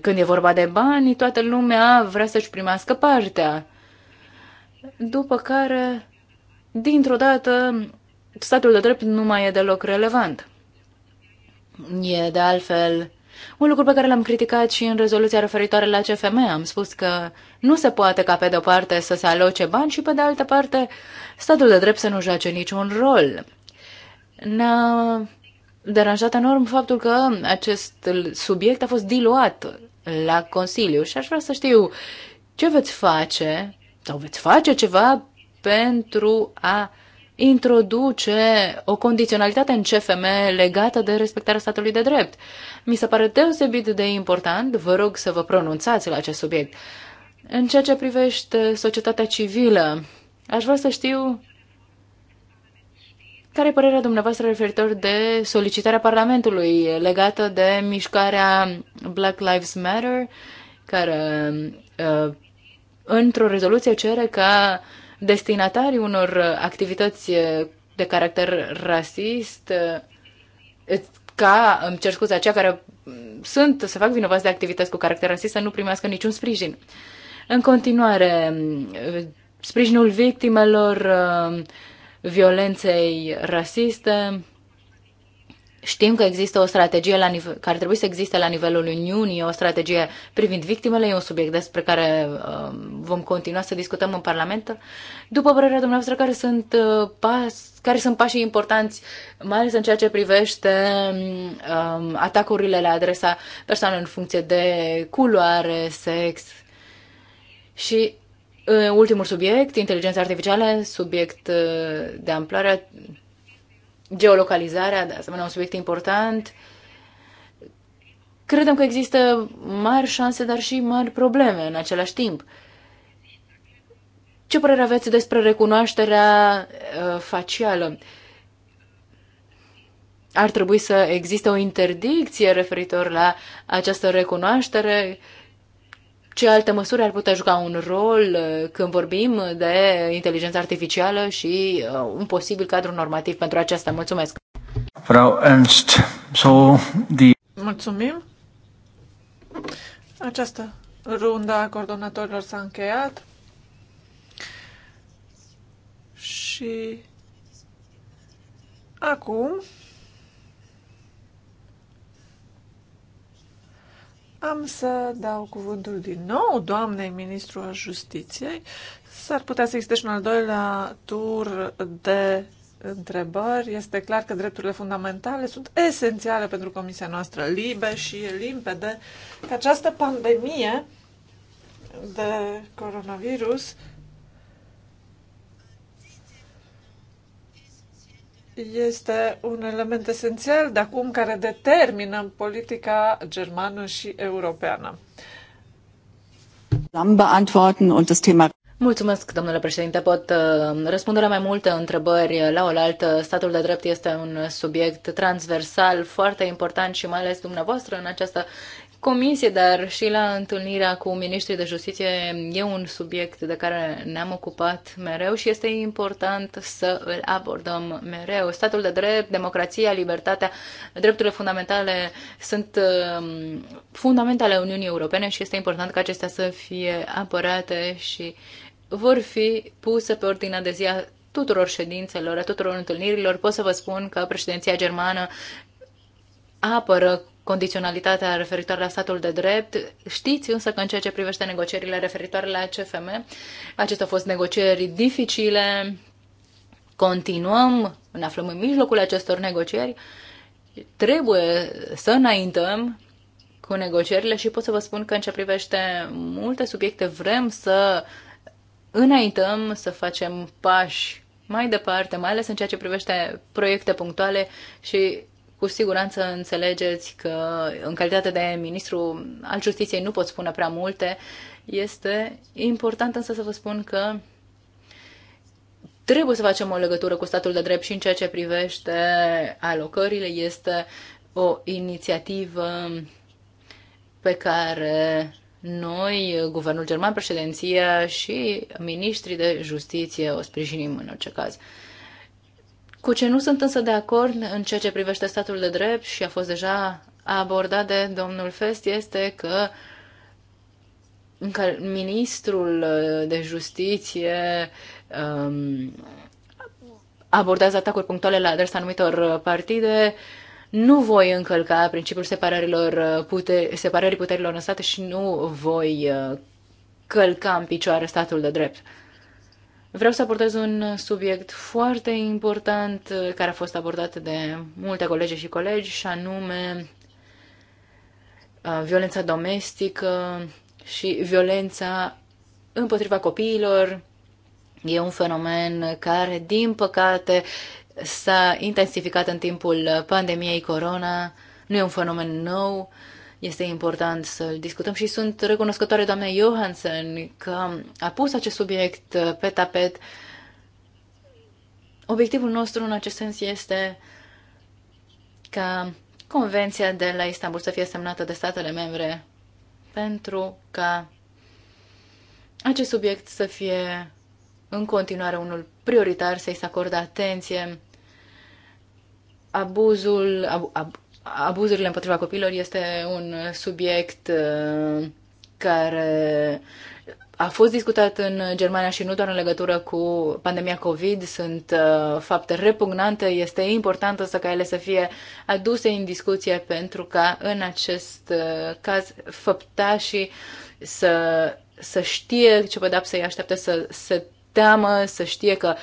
când e vorba de bani, toată lumea vrea să-și primească partea. După care, dintr-o dată, statul de drept nu mai e deloc relevant. E, de altfel, un lucru pe care l-am criticat și în rezoluția referitoare la CFM. Am spus că nu se poate ca pe de-o parte să se aloce bani și pe de altă parte statul de drept să nu joace niciun rol. Ne-a deranjat enorm faptul că acest subiect a fost diluat la Consiliu și aș vrea să știu ce veți face sau veți face ceva pentru a introduce o condiționalitate în CFM legată de respectarea statului de drept. Mi se pare deosebit de important, vă rog să vă pronunțați la acest subiect. În ceea ce privește societatea civilă, aș vrea să știu care e părerea dumneavoastră referitor de solicitarea Parlamentului legată de mișcarea Black Lives Matter, care uh, într-o rezoluție cere ca destinatarii unor activități de caracter rasist, uh, ca, îmi cer scuze, aceia care mm, sunt, să fac vinovați de activități cu caracter rasist, să nu primească niciun sprijin. În continuare, mm, uh, sprijinul victimelor violenței rasiste. Știm că există o strategie la nivel, care trebuie să existe la nivelul Uniunii, o strategie privind victimele, e un subiect despre care uh, vom continua să discutăm în Parlament. După părerea dumneavoastră, care sunt, uh, pas, care sunt pașii importanți, mai ales în ceea ce privește um, atacurile la adresa persoanelor în funcție de culoare, sex? Și Ultimul subiect, inteligența artificială, subiect uh, de amploare, geolocalizarea, de asemenea un subiect important. Credem că există mari șanse, dar și mari probleme în același timp. Ce părere aveți despre recunoașterea uh, facială? Ar trebui să existe o interdicție referitor la această recunoaștere? Uh, ce alte măsuri ar putea juca un rol uh, când vorbim de inteligență artificială și uh, un posibil cadru normativ pentru aceasta? Mulțumesc! Frau Ernst, so the... Mulțumim! Această runda a coordonatorilor s-a încheiat și acum Am să dau cuvântul din nou doamnei ministru a justiției. S-ar putea să existe și un al doilea tur de întrebări. Este clar că drepturile fundamentale sunt esențiale pentru Comisia noastră libe și e limpede că această pandemie de coronavirus uh, este un element esențial de acum care determină politica germană și europeană. Mulțumesc, domnule președinte. Pot uh, răspunde la mai multe întrebări la oaltă. Statul de drept este un subiect transversal foarte important și mai ales dumneavoastră în această comisie, dar și la întâlnirea cu ministrii de justiție e un subiect de care ne-am ocupat mereu și este important să îl abordăm mereu. Statul de drept, democrația, libertatea, drepturile fundamentale sunt um, fundamentale Uniunii Europene și este important ca acestea să fie apărate și vor fi puse pe ordinea de zi a tuturor ședințelor, a tuturor întâlnirilor. Pot să vă spun că președinția germană apără condiționalitatea referitoare la statul de drept. Știți însă că în ceea ce privește negocierile referitoare la CFM, acestea au fost negocieri dificile. Continuăm, ne aflăm în mijlocul acestor negocieri. Trebuie să înaintăm cu negocierile și pot să vă spun că în ce privește multe subiecte vrem să înaintăm, să facem pași mai departe, mai ales în ceea ce privește proiecte punctuale și cu siguranță înțelegeți că, în calitate de ministru al justiției, nu pot spune prea multe. Este important însă să vă spun că trebuie să facem o legătură cu statul de drept și în ceea ce privește alocările. Este o inițiativă pe care noi, guvernul german, președinția și ministrii de justiție o sprijinim în orice caz. Cu ce nu sunt însă de acord în ceea ce privește statul de drept și a fost deja abordat de domnul Fest este că ministrul de justiție um, abordează atacuri punctuale la adresa anumitor partide, nu voi încălca principiul separărilor pute- separării puterilor în state și nu voi uh, călca în picioare statul de drept. Vreau să abordez un subiect foarte important uh, care a fost abordat de multe colegi și colegi, și anume uh, violența domestică și violența împotriva copiilor. E un fenomen care, din păcate, s-a intensificat în timpul pandemiei corona. Nu e un fenomen nou. Uh, este important să-l discutăm și sunt recunoscătoare doamnei Johansen că a pus acest subiect uh, pe tapet. Obiectivul nostru în acest sens este ca Convenția de la Istanbul să fie semnată de statele membre pentru ca acest subiect să fie în continuare unul prioritar, să-i se acorde atenție. Abuzul, ab, ab, abuzurile împotriva copiilor este un subiect uh, care a fost discutat în Germania și nu doar în legătură cu pandemia COVID, sunt uh, fapte repugnante, este important să ca ele să fie aduse în discuție pentru ca în acest uh, caz făptașii să, să știe ce pedapsă îi așteaptă să se teamă, să știe că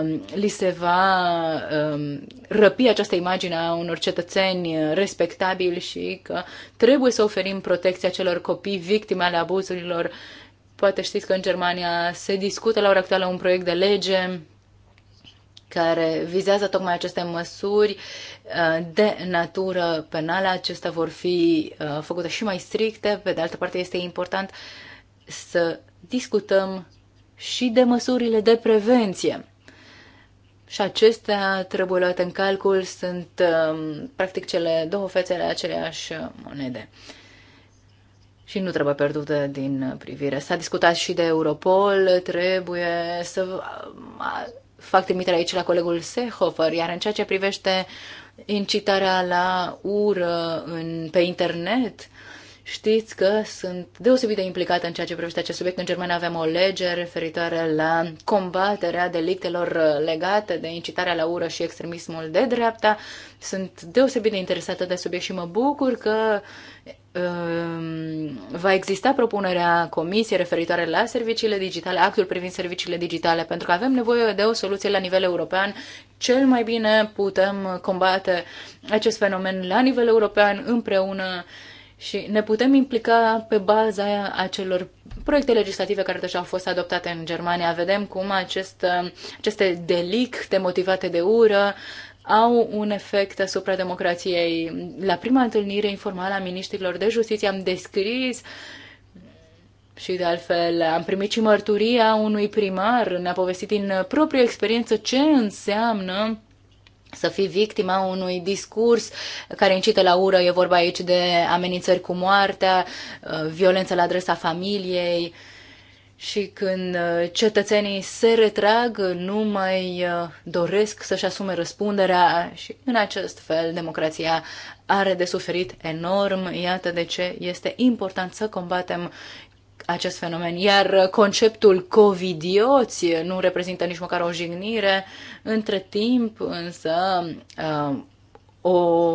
um, li se va um, răpi această imagine a unor cetățeni respectabili și că trebuie să oferim protecția celor copii victime ale abuzurilor. Poate știți că în Germania se discută la ora actuală un proiect de lege care vizează tocmai aceste măsuri uh, de natură penală. Acestea vor fi uh, făcute și mai stricte. Pe de altă parte, este important să discutăm și de măsurile de prevenție. Și acestea trebuie luate în calcul, sunt um, practic cele două ale aceleași uh, monede. Și nu trebuie pierdută din privire. S-a discutat și de Europol, trebuie să uh, fac trimitere aici la colegul Sehofer, iar în ceea ce privește incitarea la ură în, pe internet, Știți că sunt deosebit de implicată în ceea ce privește acest subiect. În Germania avem o lege referitoare la combaterea delictelor uh, legate de incitarea la ură și extremismul de dreapta. Sunt deosebit de interesată de subiect și mă bucur că um, va exista propunerea comisiei referitoare la serviciile digitale, actul privind serviciile digitale, pentru că avem nevoie de o soluție la nivel european. Cel mai bine putem combate acest fenomen la nivel european împreună și ne putem implica pe baza acelor proiecte legislative care deja au fost adoptate în Germania. Vedem cum acest, aceste delicte motivate de ură au un efect asupra democrației. La prima întâlnire informală a ministrilor de justiție am descris și de altfel am primit și mărturia unui primar, ne-a povestit din proprie experiență ce înseamnă să fii victima unui discurs care incită la ură. E vorba aici de amenințări cu moartea, uh, violență la adresa familiei și când uh, cetățenii se retrag, nu mai uh, doresc să-și asume răspunderea și în acest fel democrația are de suferit enorm. Iată de ce este important să combatem acest fenomen. Iar uh, conceptul covidioți nu reprezintă nici măcar o jignire. Între timp, însă, uh, o,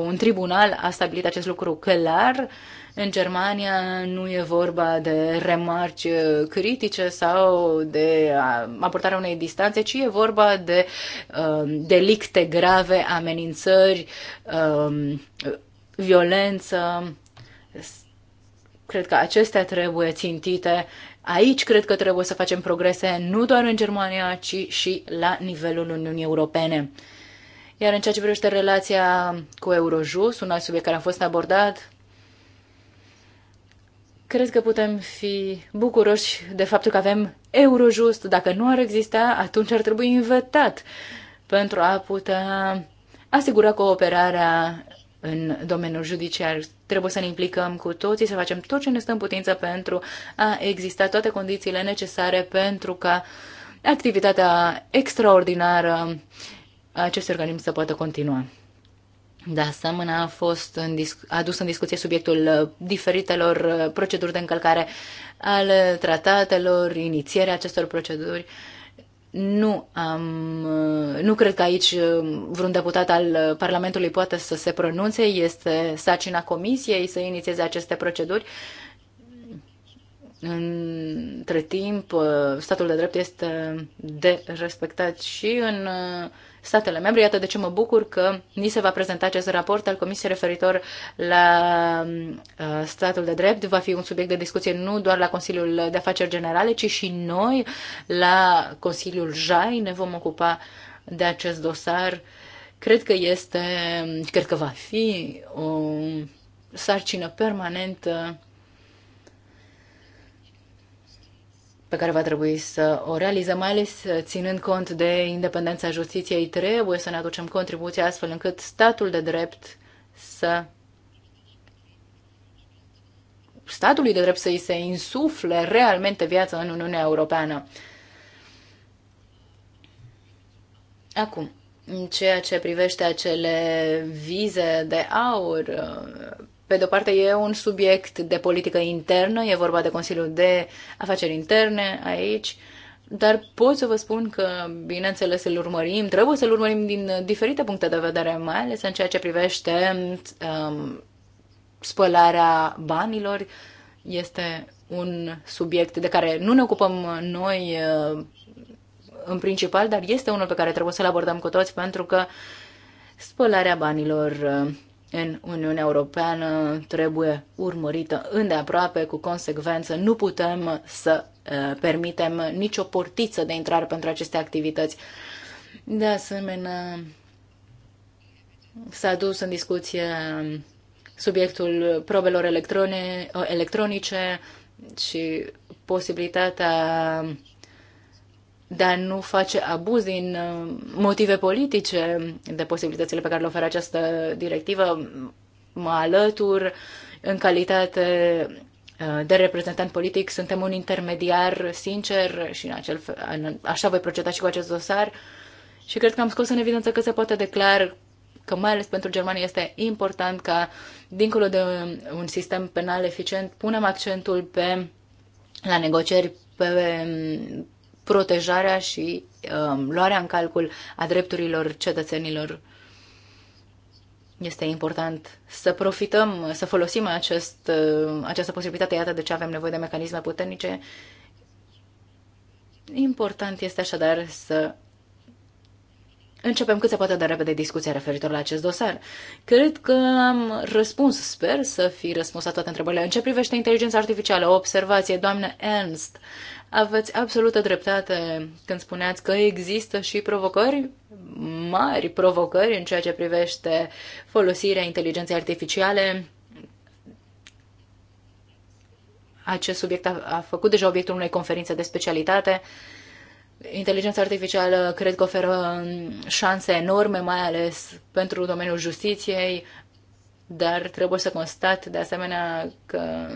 un tribunal a stabilit acest lucru clar. În Germania nu e vorba de remarci uh, critice sau de aportarea unei distanțe, ci e vorba de uh, delicte grave, amenințări, uh, violență, Cred că acestea trebuie țintite. Aici cred că trebuie să facem progrese nu doar în Germania, ci și la nivelul Uniunii Europene. Iar în ceea ce privește relația cu Eurojust, un alt subiect care a fost abordat, cred că putem fi bucuroși de faptul că avem Eurojust. Dacă nu ar exista, atunci ar trebui inventat pentru a putea asigura cooperarea în domeniul judiciar. Trebuie să ne implicăm cu toții, să facem tot ce ne stă în putință pentru a exista toate condițiile necesare pentru ca activitatea extraordinară a acestui organism să poată continua. De asemenea, a fost în adus în discuție subiectul diferitelor proceduri de încălcare ale tratatelor, inițierea acestor proceduri. Uh, nu am, uh, nu cred că aici uh, vreun deputat al uh, Parlamentului poate să se pronunțe, este sacina comisiei să inițieze aceste proceduri. Între timp, statul de drept este de respectat și în statele membre. Iată de ce mă bucur că ni se va prezenta acest raport al Comisiei referitor la uh, statul de drept. Va fi un subiect de discuție nu doar la Consiliul de Afaceri Generale, ci și noi la Consiliul JAI ne vom ocupa de acest dosar. Cred că este, cred că va fi o sarcină permanentă pe care va trebui să o realizăm, mai ales uh, ținând cont de independența justiției, trebuie să ne aducem contribuția astfel încât statul de drept să statului de drept să îi se insufle realmente viața în Uniunea Europeană. Acum, în ceea ce privește acele vize de aur uh, pe de o parte e un subiect de politică internă, e vorba de Consiliul de Afaceri Interne aici, dar pot să vă spun că, bineînțeles, îl urmărim, trebuie să-l urmărim din diferite puncte de vedere, mai ales în ceea ce privește um, spălarea banilor. Este un subiect de care nu ne ocupăm noi uh, în principal, dar este unul pe care trebuie să-l abordăm cu toți pentru că spălarea banilor uh, în Uniunea Europeană trebuie urmărită îndeaproape, cu consecvență. Nu putem să uh, permitem nicio portiță de intrare pentru aceste activități. De asemenea, s-a dus în discuție subiectul probelor uh, electronice și posibilitatea de a nu face abuz din uh, motive politice de posibilitățile pe care le oferă această directivă. Mă alătur în calitate uh, de reprezentant politic, suntem un intermediar sincer și în acel fel, în, așa voi proceda și cu acest dosar și cred că am scos în evidență că se poate declar că mai ales pentru Germania este important ca, dincolo de un sistem penal eficient, punem accentul pe la negocieri pe protejarea și um, luarea în calcul a drepturilor cetățenilor. Este important să profităm, să folosim acest, uh, această posibilitate. Iată de ce avem nevoie de mecanisme puternice. Important este așadar să începem cât se poate de repede discuția referitor la acest dosar. Cred că am răspuns, sper să fi răspuns la toate întrebările. În ce privește inteligența artificială, o observație, doamnă Ernst, aveți absolută dreptate când spuneați că există și provocări mari, provocări în ceea ce privește folosirea inteligenței artificiale. Acest subiect a, a făcut deja obiectul unei conferințe de specialitate. Inteligența artificială cred că oferă um, șanse enorme, mai ales pentru domeniul justiției, dar trebuie să constat de asemenea că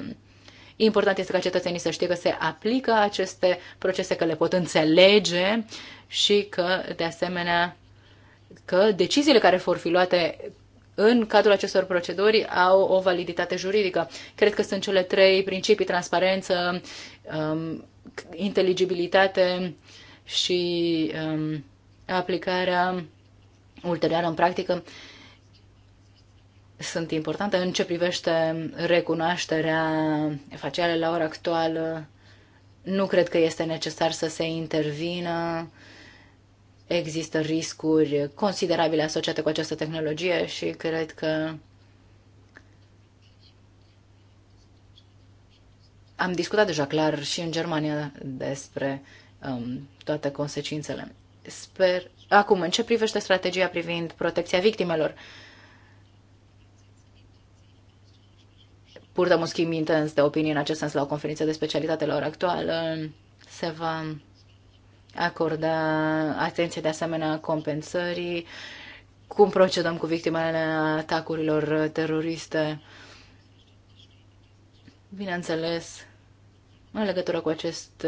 Important este ca cetățenii să știe că se aplică aceste procese, că le pot înțelege și că, de asemenea, că deciziile care vor fi luate în cadrul acestor proceduri au o validitate juridică. Cred că sunt cele trei principii, transparență, um, inteligibilitate și um, aplicarea ulterioară în practică sunt importante în ce privește recunoașterea facială la ora actuală. Nu cred că este necesar să se intervină. Există riscuri considerabile asociate cu această tehnologie și cred că am discutat deja clar și în Germania despre um, toate consecințele. Sper. Acum, în ce privește strategia privind protecția victimelor? Uh, purtăm un schimb intens de opinii în acest sens la o conferință de specialitate la ora actuală. Se va acorda atenție de asemenea compensării, cum procedăm cu victimele atacurilor teroriste. Bineînțeles, în legătură cu, acest,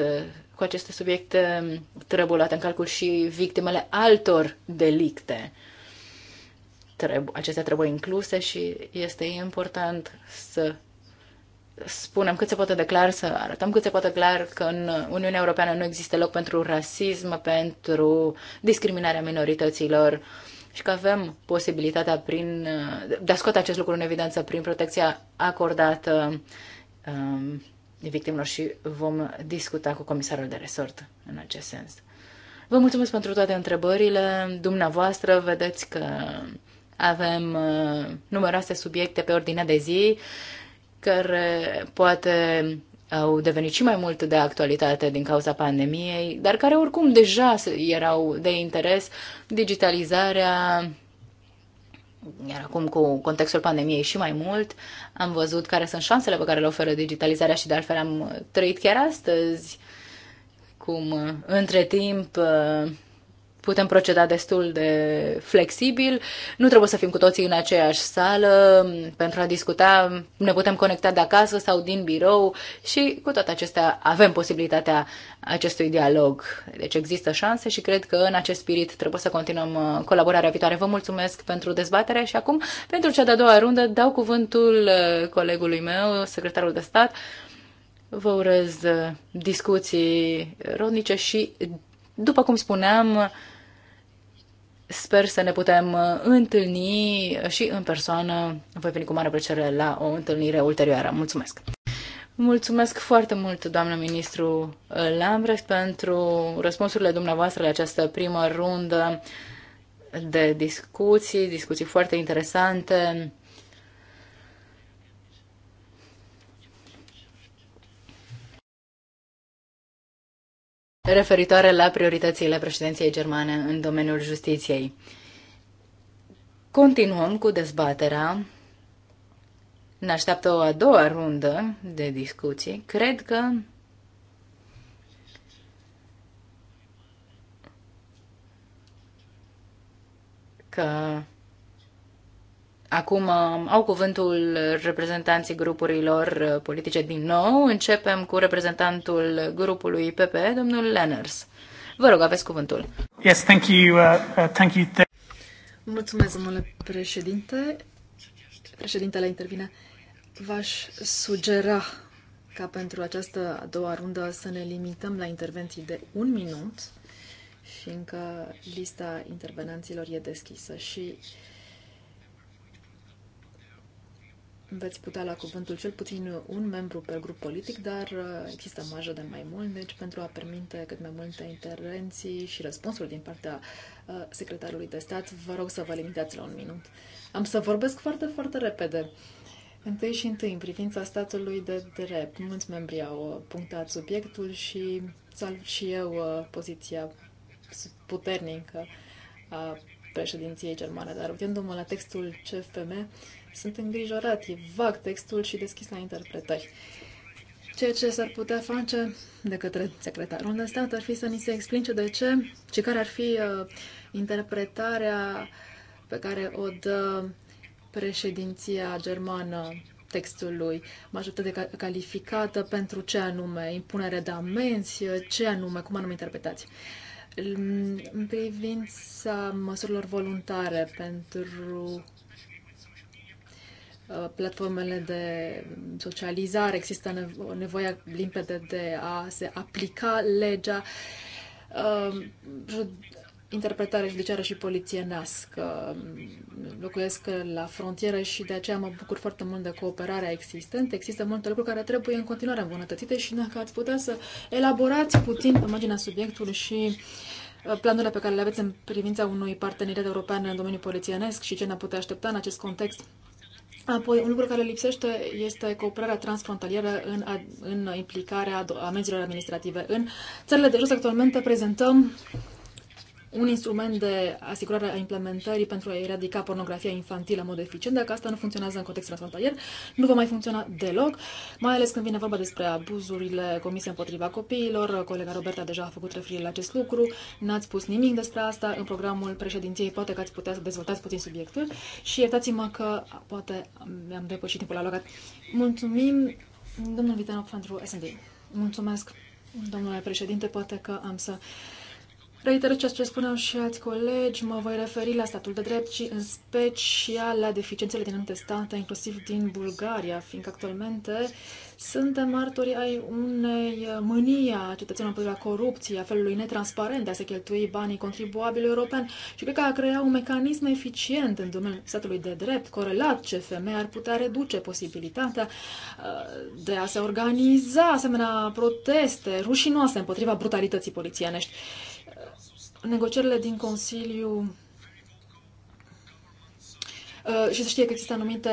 cu aceste subiecte, trebuie luate în calcul și victimele altor delicte. Trebu- acestea trebuie incluse și este important să spunem cât se poate de clar, să arătăm cât se poate clar că în Uniunea Europeană nu există loc pentru rasism, pentru discriminarea minorităților și că avem posibilitatea prin, de a scoate acest lucru în evidență prin protecția acordată um, victimelor și vom discuta cu comisarul de resort în acest sens. Vă mulțumesc pentru toate întrebările. Dumneavoastră vedeți că avem uh, numeroase subiecte pe ordinea de zi care poate au devenit și mai mult de actualitate din cauza pandemiei, dar care oricum deja erau de interes, digitalizarea, iar acum cu contextul pandemiei și mai mult, am văzut care sunt șansele pe care le oferă digitalizarea și de altfel am trăit chiar astăzi cum între timp putem proceda destul de flexibil. Nu trebuie să fim cu toții în aceeași sală pentru a discuta. Ne putem conecta de acasă sau din birou și cu toate acestea avem posibilitatea acestui dialog. Deci există șanse și cred că în acest spirit trebuie să continuăm uh, colaborarea viitoare. Vă mulțumesc pentru dezbatere și acum, pentru cea de-a doua rundă, dau cuvântul uh, colegului meu, secretarul de stat. Vă urez uh, discuții rodnice și după cum spuneam, sper să ne putem uh, întâlni și în persoană. Voi veni cu mare plăcere la o întâlnire ulterioară. Mulțumesc! Mulțumesc foarte mult, doamnă ministru uh, Lambrecht, pentru răspunsurile dumneavoastră la această primă rundă de discuții, discuții foarte interesante referitoare la prioritățile președinției germane în domeniul justiției. Continuăm cu dezbaterea. Ne așteaptă o a doua rundă de discuții. Cred că că Acum um, au cuvântul reprezentanții grupurilor uh, politice din nou. Începem cu reprezentantul grupului PP, domnul Lenners. Vă rog, aveți cuvântul. Yes, thank you, uh, uh thank you. Mulțumesc, domnule președinte. Președintele intervine. V-aș sugera ca pentru această a doua rundă să ne limităm la intervenții de un minut, fiindcă lista intervenanților e deschisă și uh, veți putea la cuvântul cel puțin un membru pe grup politic, dar uh, există marjă de mai mult, deci pentru a permite cât mai multe intervenții și răspunsuri din partea uh, secretarului de stat, vă rog să vă limitați la un minut. Am să vorbesc foarte, foarte repede. Întâi și întâi, în privința statului de drept, mulți membri au uh, punctat subiectul și salv și eu poziția puternică a președinției germane, dar uitându-mă la textul CFM, sunt îngrijorat, e vag textul și deschis la interpretări. Ceea ce s-ar putea face de către secretarul de stat ar fi să ni se explice de ce și care ar fi uh, interpretarea pe care o dă președinția germană textului, majoritatea calificată pentru ce anume, impunere de amenzi, ce anume, cum anume interpretați. În privința măsurilor voluntare pentru Uh, platformele de socializare, există nevoia limpede de a se aplica legea, uh, interpretare judiciară și polițienească. Locuiesc la frontieră și de aceea mă bucur foarte mult de cooperarea existentă. Există multe lucruri care trebuie în continuare îmbunătățite și dacă ați putea să elaborați puțin imaginea subiectului și uh, planurile pe care le aveți în privința unui parteneriat european în domeniul polițienesc și ce ne putea aștepta în acest context Apoi, un lucru care lipsește este cooperarea transfrontalieră în, în implicarea amenziilor administrative. În țările de jos, actualmente, prezentăm un instrument de asigurare a implementării pentru a eradica pornografia infantilă în mod eficient. Dacă asta nu funcționează în contextul transfrontalier, nu va mai funcționa deloc, mai ales când vine vorba despre abuzurile comise împotriva copiilor. Colega Roberta deja a făcut referire la acest lucru. N-ați spus nimic despre asta în programul președinției. Poate că ați putea să dezvoltați puțin subiectul și iertați-mă că poate mi-am depășit timpul alocat. Mulțumim, domnul Vitanov, pentru SND. Mulțumesc, domnule președinte. Poate că am să Reiter ceea ce spuneau și alți colegi, mă voi referi la statul de drept și în special la deficiențele din alte state, inclusiv din Bulgaria, fiindcă actualmente suntem martori ai unei mânii a cetățenilor împotriva corupției, a felului netransparent de a se cheltui banii contribuabilului european și cred că a crea un mecanism eficient în domeniul statului de drept, corelat CFM, ar putea reduce posibilitatea uh, de a se organiza asemenea proteste rușinoase împotriva brutalității polițienești negocierile din Consiliu uh, și să știe că există anumite,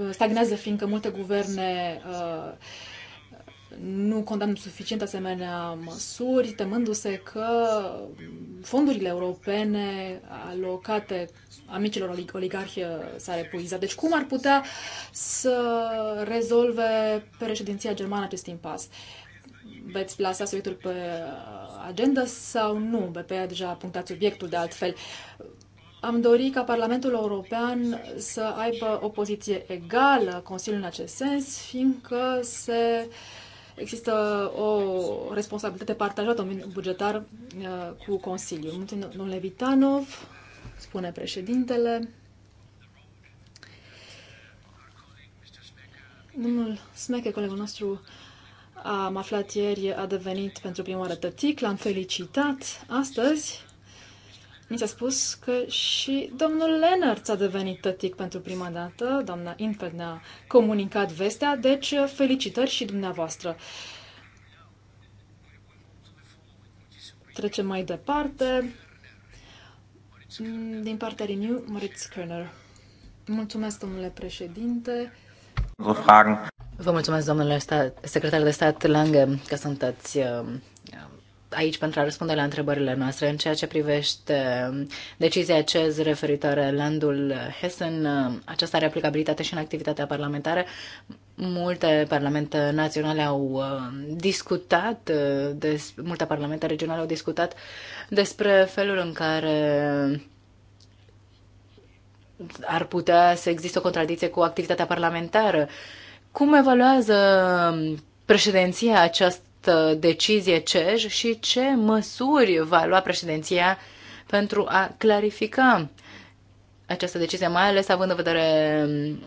uh, stagnează fiindcă multe guverne uh, nu condamnă suficient asemenea măsuri, temându-se că fondurile europene alocate amicilor oligarhi s-ar epuiza. Deci cum ar putea să rezolve președinția germană acest impas? Uh, veți plasa subiectul pe agenda sau nu? BPE a deja punctat subiectul de altfel. Am dorit ca Parlamentul European să aibă o poziție egală Consiliul în acest sens, fiindcă se există o responsabilitate partajată în bugetar uh, cu Consiliul. Mulțumim, domnule Vitanov, spune președintele. Domnul Smeche, colegul nostru, am aflat ieri, a devenit pentru prima oară tătic, l-am felicitat. Astăzi mi s-a spus că și domnul Leonard a devenit tătic pentru prima dată. Doamna Infeld ne-a comunicat vestea, deci felicitări și dumneavoastră. Trecem mai departe. Din partea Renew, Moritz Kerner. Mulțumesc, domnule președinte. Vă mulțumesc, domnule stat, secretar de stat Lange, că sunteți um, aici pentru a răspunde la întrebările noastre. În ceea ce privește um, decizia CEZ referitoare la landul Hessen, um, aceasta are aplicabilitate și în activitatea parlamentară. Multe parlamente naționale au discutat, uh, des, multe parlamente regionale au discutat despre felul în care ar putea să existe o contradicție cu activitatea parlamentară. Uh, cum evaluează um, președinția această decizie CEJ și ce măsuri va lua președinția pentru a clarifica această decizie, mai ales având în vedere um,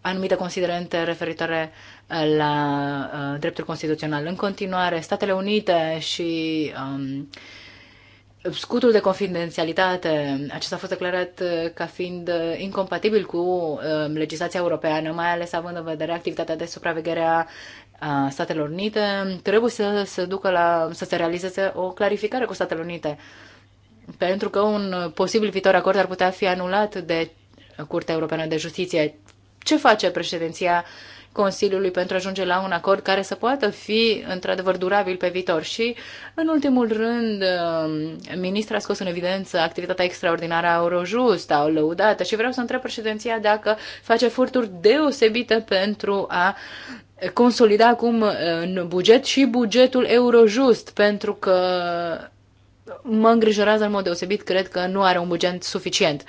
anumite considerente referitoare uh, la uh, dreptul constituțional. În continuare, Statele Unite și um, scutul de confidențialitate, acesta a fost declarat uh, ca fiind uh, incompatibil cu um, legislația europeană, mai ales având în vedere activitatea de supraveghere a Statelor Unite, trebuie să se ducă la, să se realizeze o clarificare cu Statele Unite. Pentru că un posibil viitor acord ar putea fi anulat de Curtea Europeană de Justiție. Ce face președinția Consiliului pentru a ajunge la un acord care să poată fi într-adevăr durabil pe viitor. Și, în ultimul rând, um, ministra a scos în evidență activitatea extraordinară a Eurojust, au lăudată și vreau să întreb președinția dacă face eforturi deosebite pentru a consolida acum în buget și bugetul Eurojust, pentru că mă îngrijorează în mod deosebit, cred că nu are un buget suficient.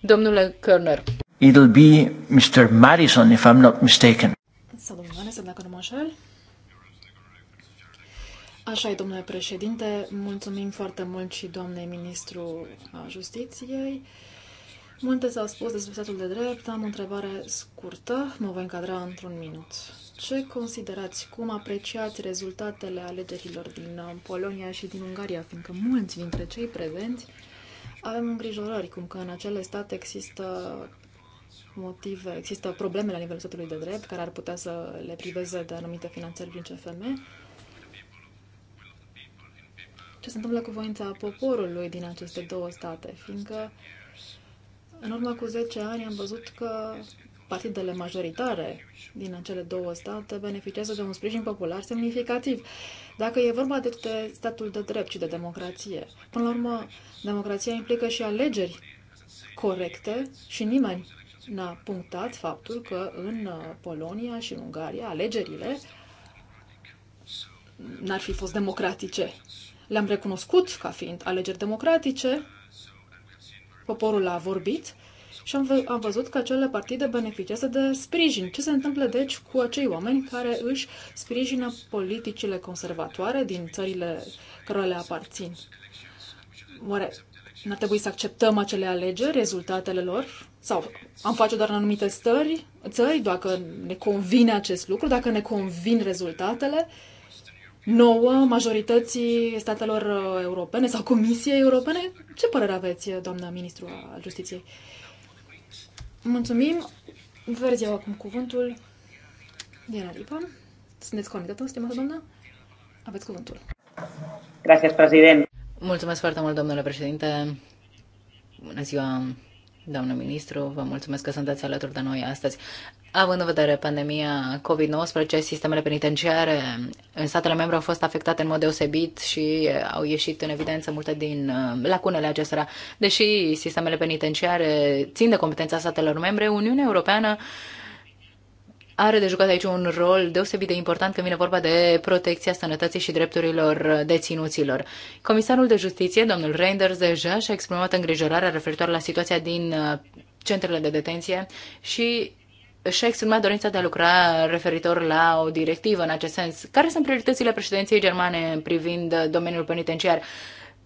Domnule Körner. It'll be Mr. Madison, if I'm not mistaken. Să domnul Madison, dacă nu mă Așa e, domnule președinte. Mulțumim foarte mult și doamnei ministru a justiției. Multe s-au spus despre statul de drept. Am o întrebare scurtă. Mă voi încadra într-un minut. Ce considerați, cum apreciați rezultatele alegerilor din uh, Polonia și din Ungaria, fiindcă mulți dintre cei prezenți avem îngrijorări, cum că în acele state există motive. Există probleme la nivelul statului de drept care ar putea să le priveze de anumite finanțări prin CFM. Ce se întâmplă cu voința poporului din aceste două state? Fiindcă în urmă cu 10 ani am văzut că partidele majoritare din acele două state beneficiază de un sprijin popular semnificativ. Dacă e vorba de statul de drept și de democrație, până la urmă, democrația implică și alegeri corecte și nimeni n-a punctat faptul că în uh, Polonia și în Ungaria alegerile n-ar fi fost democratice. Le-am recunoscut ca fiind alegeri democratice, poporul a vorbit și am, vă, am văzut că acele partide beneficiază de sprijin. Ce se întâmplă, deci, cu acei oameni care își sprijină politicile conservatoare din țările cărora le aparțin? Oare n-ar trebui să acceptăm acele alegeri, rezultatele lor, sau am face doar în anumite stări, țări, dacă ne convine acest lucru, dacă ne convin rezultatele, nouă majorității statelor uh, europene sau Comisiei Europene. Ce părere aveți, uh, doamna ministru al Justiției? Mulțumim. Verzi eu acum cuvântul. Diana Lipa. Sunteți conectată, stimată doamnă? Aveți cuvântul. Gracias, președinte. Mulțumesc foarte mult, domnule președinte. Bună ziua, doamnă ministru, vă mulțumesc că sunteți alături de noi astăzi. Având în vedere pandemia COVID-19, sistemele penitenciare în statele membre au fost afectate în mod deosebit și au ieșit în evidență multe din uh, lacunele acestora. Deși sistemele penitenciare țin de competența statelor membre, Uniunea Europeană uh, are de jucat aici un rol deosebit de important când vine vorba de protecția sănătății și drepturilor deținuților. Comisarul de Justiție, domnul Reinders, deja și-a exprimat îngrijorarea referitoare la situația din uh, centrele de detenție și și-a exprimat dorința de a lucra referitor la o directivă în acest sens. Care sunt prioritățile președinției germane privind domeniul penitenciar?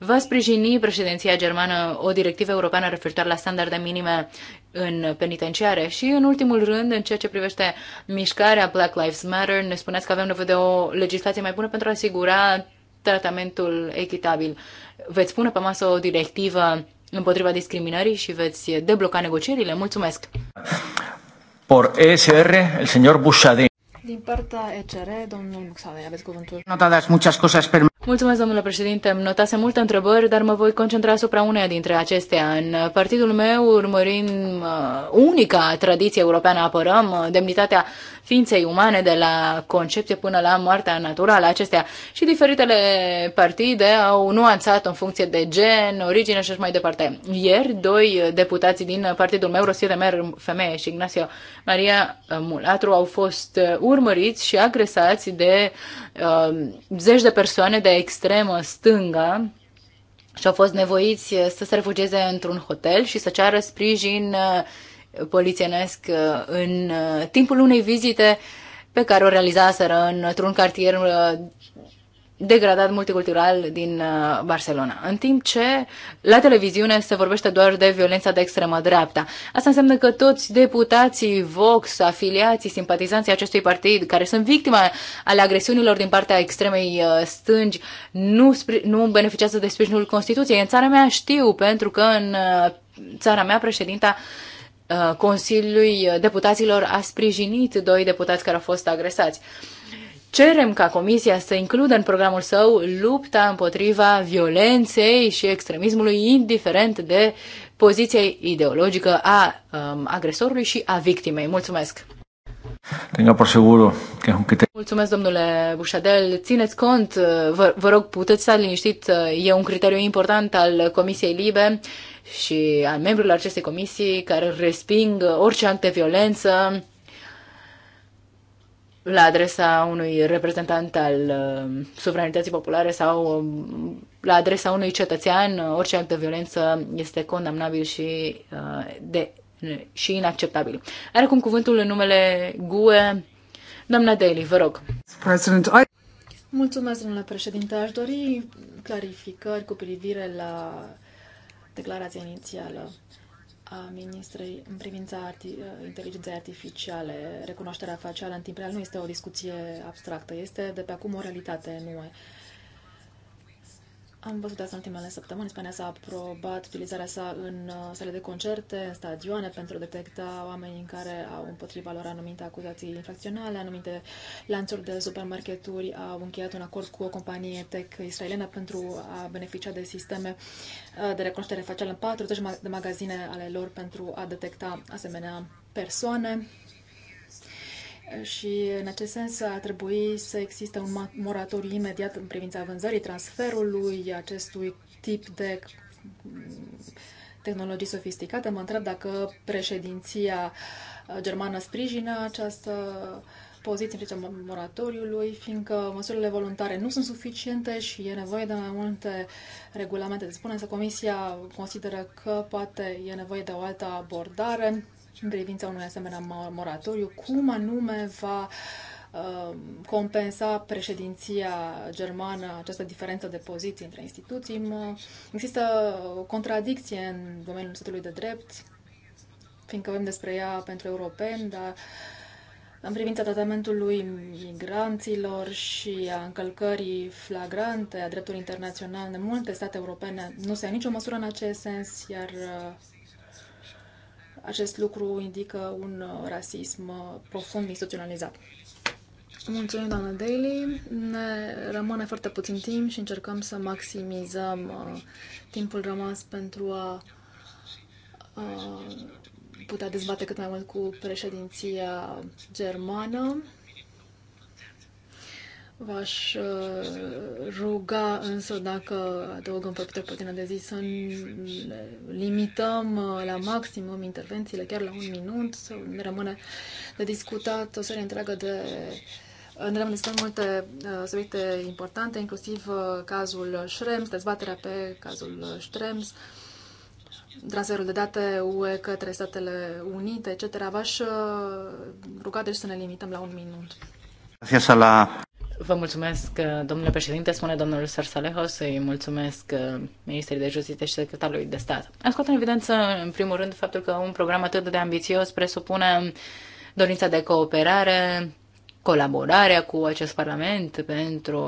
Va sprijini președinția germană o directivă europeană referitoare la standarde minime în penitenciare și, în ultimul rând, în ceea ce privește mișcarea Black Lives Matter, ne spuneați că avem nevoie de o legislație mai bună pentru a asigura tratamentul echitabil. Veți pune pe masă o directivă împotriva discriminării și veți debloca negocierile? Mulțumesc! Por ESR, el señor Bushadin. Din partea ECR, domnul Muxadei, aveți cuvântul. Notadas muchas cosas per... Mulțumesc, domnule președinte. Îmi notase multe întrebări, dar mă voi concentra asupra uneia dintre acestea. În uh, partidul meu urmărim uh, unica tradiție europeană, apărăm uh, demnitatea ființei umane de la concepție până la moartea naturală acestea. Și diferitele partide au nuanțat în funcție de gen, origine și așa mai departe. Ieri, doi deputați din partidul meu, Rosie Remer, femeie și Ignacio Maria Mulatru, au fost urmăriți și agresați de uh, zeci de persoane de de extremă stângă și au fost nevoiți eh, să se refugieze într-un hotel și să ceară sprijin eh, polițienesc eh, în timpul unei vizite pe care o realizaseră într-un cartier degradat multicultural din uh, Barcelona. În timp ce la televiziune se vorbește doar de violența de extremă dreapta. Asta înseamnă că toți deputații Vox, afiliații, simpatizanții acestui partid, care sunt victime ale agresiunilor din partea extremei uh, stângi, nu, nu beneficiază de sprijinul Constituției. În țara mea știu, pentru că în uh, țara mea președinta Consiliului Deputaților a sprijinit doi deputați care au fost agresați. Uh, cerem ca Comisia să includă în programul său lupta împotriva violenței și extremismului, indiferent de poziția ideologică a um, agresorului și a victimei. Mulțumesc! Tenga por că Mulțumesc, domnule Bușadel. Țineți cont, vă, vă rog, puteți să liniștit, e un criteriu important al Comisiei Libe și al membrilor acestei comisii care resping orice act de violență la adresa unui reprezentant al uh, suveranității populare sau uh, la adresa unui cetățean, uh, orice act de violență este condamnabil și, uh, de, și inacceptabil. Are cum cuvântul în numele GUE. Doamna Daly, vă rog. President, I... Mulțumesc, domnule președinte. Aș dori clarificări cu privire la declarația inițială a ministrei în privința arti- inteligenței artificiale. Recunoașterea facială în timp real nu este o discuție abstractă, este de pe acum o realitate, nu am văzut asta în ultimele săptămâni. Spania s-a aprobat utilizarea sa în uh, sale de concerte, în stadioane, pentru a detecta oamenii care au împotriva lor anumite acuzații infracționale, anumite lanțuri de supermarketuri au încheiat un acord cu o companie tech israeliană pentru a beneficia de sisteme uh, de recunoaștere facială în 40 de magazine ale lor pentru a detecta asemenea persoane și în acest sens ar trebui să existe un moratoriu imediat în privința vânzării, transferului acestui tip de mm, tehnologii sofisticate. Mă întreb dacă președinția uh, germană sprijină această poziție în privința moratoriului, fiindcă măsurile voluntare nu sunt suficiente și e nevoie de mai multe regulamente. spune să Comisia consideră că poate e nevoie de o altă abordare în privința unui asemenea moratoriu, cum anume va uh, compensa președinția germană această diferență de poziții între instituții. Există o contradicție în domeniul statului de drept, fiindcă vorbim despre ea pentru europeni, dar în privința tratamentului migranților și a încălcării flagrante a dreptului internațional în multe state europene, nu se ia nicio măsură în acest sens, iar uh, acest lucru indică un uh, rasism uh, profund instituționalizat. Mulțumim, doamna Daly. Ne rămâne foarte puțin timp și încercăm să maximizăm uh, timpul rămas pentru a uh, putea dezbate cât mai mult cu președinția germană. V-aș uh, ruga însă dacă adăugăm pe câte puțină de zi să limităm uh, la maximum intervențiile, chiar la un minut, să ne rămâne de discutat o serie întreagă de ne rămân multe uh, subiecte importante, inclusiv cazul Schrems, dezbaterea pe cazul Schrems, transferul de date UE către Statele Unite, etc. V-aș ruga deci să ne limităm la un minut. Gracias a la Vă mulțumesc, uh, domnule președinte, spune domnul Sarsaleho, să-i mulțumesc uh, Ministerii de Justiție și Secretarului de Stat. Am scos în evidență, în primul rând, faptul că un program atât de ambițios presupune dorința de cooperare, colaborarea cu acest Parlament pentru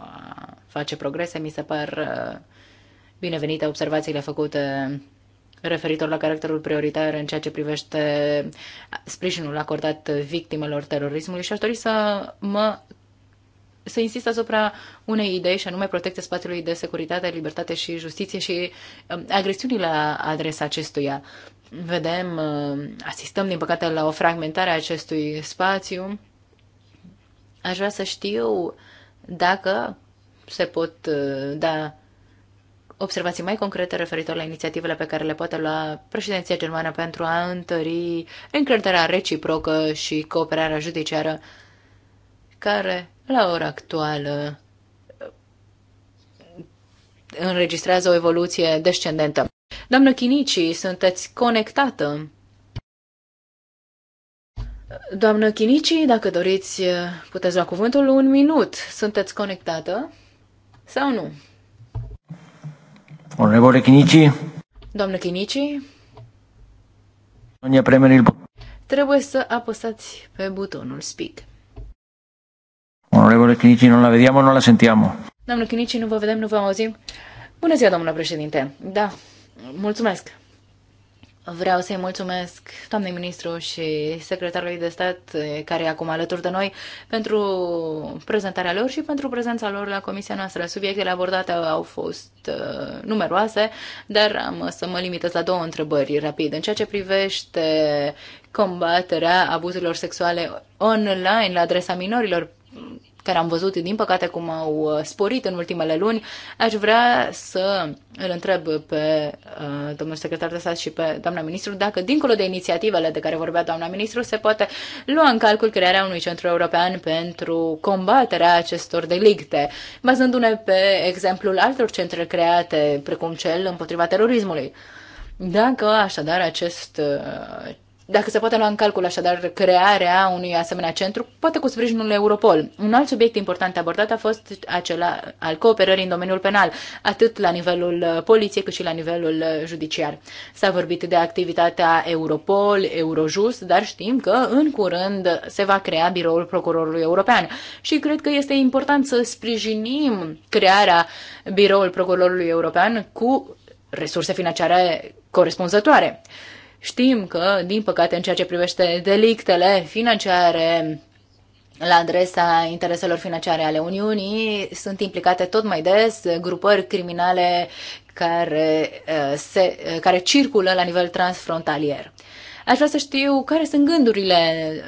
a face progrese. Mi se par uh, binevenite observațiile făcute referitor la caracterul prioritar în ceea ce privește sprijinul acordat victimelor terorismului și aș dori să mă să insist asupra unei idei și anume protecția spațiului de securitate, libertate și justiție și um, agresiunile la adresa acestuia. Vedem, um, asistăm din păcate la o fragmentare a acestui spațiu. Aș vrea să știu dacă se pot uh, da observații mai concrete referitor la inițiativele pe care le poate lua președinția germană pentru a întări încrederea reciprocă și cooperarea judiciară care la ora actuală înregistrează o evoluție descendentă. Doamnă Chinici, sunteți conectată. Doamnă Chinici, dacă doriți, puteți lua cuvântul un minut. Sunteți conectată sau nu? Onorevole Chinici. Doamnă Chinici. Trebuie să apăsați pe butonul speak. Onorevole Chinici, nu la vedeam, nu la sentiam. Domnule Chinici, nu vă vedem, nu vă auzim. Bună ziua, domnule președinte. Da, mulțumesc. Vreau să-i mulțumesc doamnei ministru și secretarului de stat care e acum alături de noi pentru prezentarea lor și pentru prezența lor la comisia noastră. Subiectele abordate au fost uh, numeroase, dar am să mă limitez la două întrebări rapid. În ceea ce privește combaterea abuzurilor sexuale online la adresa minorilor, care am văzut, din păcate, cum au uh, sporit în ultimele luni, aș vrea să îl întreb pe uh, domnul secretar de stat și pe doamna ministru dacă, dincolo de inițiativele de care vorbea doamna ministru, se poate lua în calcul crearea unui centru european pentru combaterea acestor delicte, bazându-ne pe exemplul altor centre create, precum cel împotriva terorismului. Dacă așadar acest uh, dacă se poate lua în calcul așadar crearea unui asemenea centru, poate cu sprijinul Europol. Un alt subiect important abordat a fost acela al cooperării în domeniul penal, atât la nivelul uh, poliției cât și la nivelul uh, judiciar. S-a vorbit de activitatea Europol, Eurojust, dar știm că în curând se va crea biroul procurorului european și cred că este important să sprijinim crearea biroul procurorului european cu resurse financiare corespunzătoare. Știm că, din păcate, în ceea ce privește delictele financiare la adresa intereselor financiare ale Uniunii, sunt implicate tot mai des grupări criminale care, uh, se, uh, care circulă la nivel transfrontalier. Aș vrea să știu care sunt gândurile,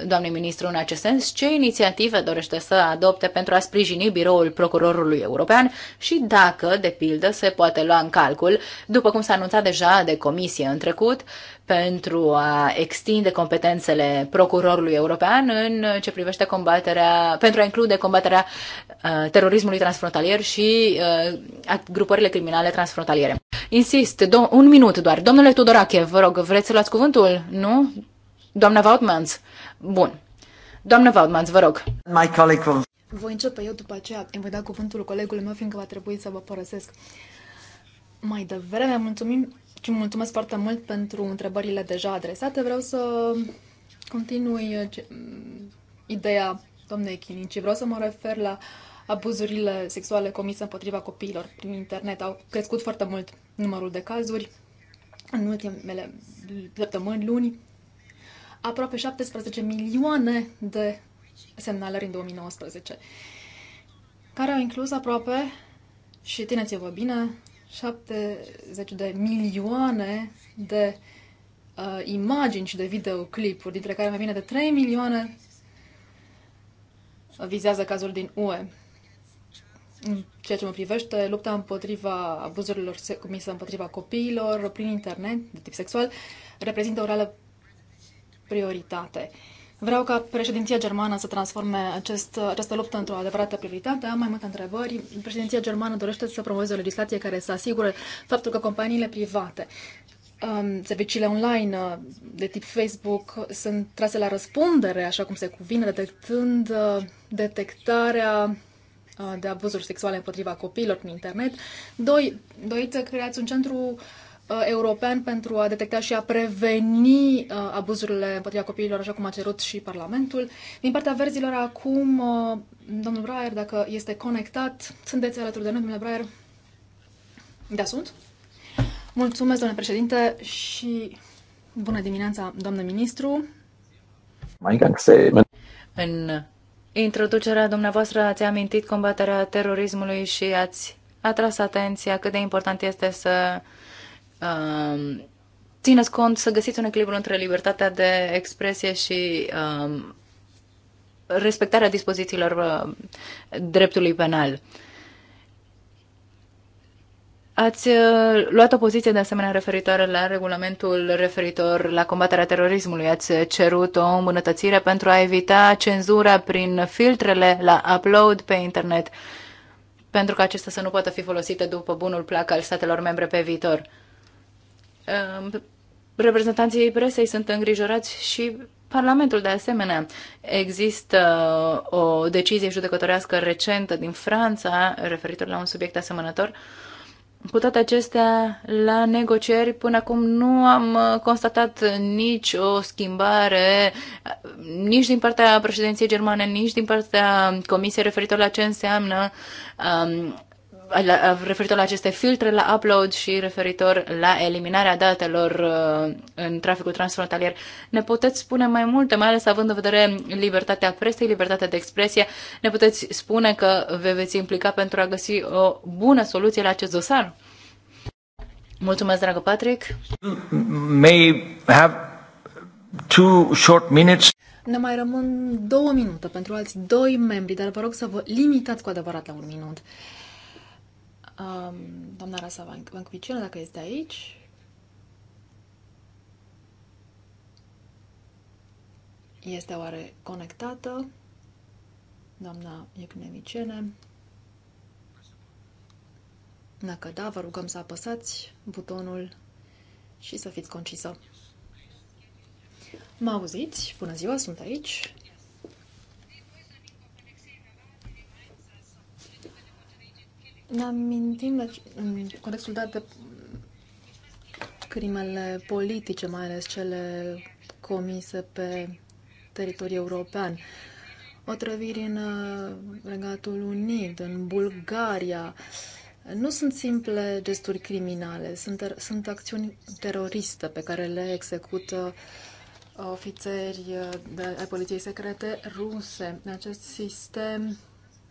doamne ministru, în acest sens, ce inițiative dorește să adopte pentru a sprijini biroul procurorului european și dacă, de pildă, se poate lua în calcul, după cum s-a anunțat deja de comisie în trecut, pentru a extinde competențele procurorului european în ce privește combaterea, pentru a include combaterea uh, terorismului transfrontalier și uh, grupările criminale transfrontaliere. Insist, do- un minut doar. Domnule Tudorache, vă rog, vreți să luați cuvântul? Nu? Doamna Vautmans? Bun. Doamna Vautmans, vă rog. My colleague will... Voi începe eu după aceea. Îmi voi da cuvântul colegului meu, fiindcă va trebui să vă părăsesc. Mai devreme, mulțumim și deci, mulțumesc foarte mult pentru întrebările deja adresate. Vreau să continui mm, ideea doamnei Chinici. Vreau să mă refer la abuzurile sexuale comise împotriva copiilor prin internet. Au crescut foarte mult numărul de cazuri în ultimele săptămâni, luni. Aproape 17 milioane de semnalări în 2019, care au inclus aproape, și tineți-vă bine, 70 de milioane de uh, imagini și de videoclipuri, dintre care mai bine de 3 milioane vizează cazuri din UE. În ceea ce mă privește, lupta împotriva abuzurilor comise împotriva copiilor prin internet de tip sexual reprezintă o reală prioritate. Uh, Vreau ca președinția germană să transforme acest, această luptă într-o adevărată prioritate. Am mai multe întrebări. Președinția germană dorește să promoveze o legislație care să asigure faptul că companiile private, um, serviciile online de tip Facebook sunt trase la răspundere, așa cum se cuvine, detectând uh, detectarea uh, de abuzuri sexuale împotriva copiilor prin internet. Doi, doriți să creați un centru uh, Uh, european pentru a detecta și a preveni uh, abuzurile împotriva copiilor, așa cum a cerut și Parlamentul. Din partea verzilor, acum, uh, domnul Braier, dacă este conectat, sunteți alături de noi, domnule Braier? Da, sunt. Mulțumesc, domnule președinte, și bună dimineața, domnule ministru. Mai În introducerea dumneavoastră ați amintit combaterea terorismului și ați atras atenția cât de important este să um, țineți cont să găsiți un echilibru între libertatea de expresie și um, respectarea dispozițiilor uh, dreptului penal. Ați uh, luat o poziție de asemenea referitoare la regulamentul referitor la combaterea terorismului. Ați cerut o îmbunătățire pentru a evita cenzura prin filtrele la upload pe internet, pentru că acestea să nu poată fi folosite după bunul plac al statelor membre pe viitor. Ehm, reprezentanții presei sunt îngrijorați și Parlamentul de asemenea. Există o decizie judecătorească recentă din Franța referitor la un subiect asemănător. Cu toate acestea, la negocieri până acum nu am uh, constatat nici o schimbare, uh, nici din partea președinției germane, nici din partea comisiei referitor la ce înseamnă um, referitor la aceste filtre la upload și referitor la eliminarea datelor uh, în traficul transfrontalier. Ne puteți spune mai multe, mai ales având în vedere libertatea presei, libertatea de expresie, ne puteți spune că vă veți implica pentru a găsi o bună soluție la acest dosar? Mulțumesc, dragă Patrick. May have two short minutes. Ne mai rămân două minute pentru alți doi membri, dar vă rog să vă limitați cu adevărat la un minut. Uh, um, doamna Rasa Vancvicină, dacă este aici. Este oare conectată? Doamna Iecnemicene. Dacă da, vă rugăm să apăsați butonul și să fiți concisă. Mă auziți? Bună ziua, sunt aici. Ne amintim de, în contextul dat de crimele politice, mai ales cele comise pe teritoriul european. Otrăviri în uh, Regatul Unit, în Bulgaria, nu sunt simple gesturi criminale, sunt, sunt acțiuni teroriste pe care le execută uh, ofițeri uh, de, ai poliției secrete ruse. Acest sistem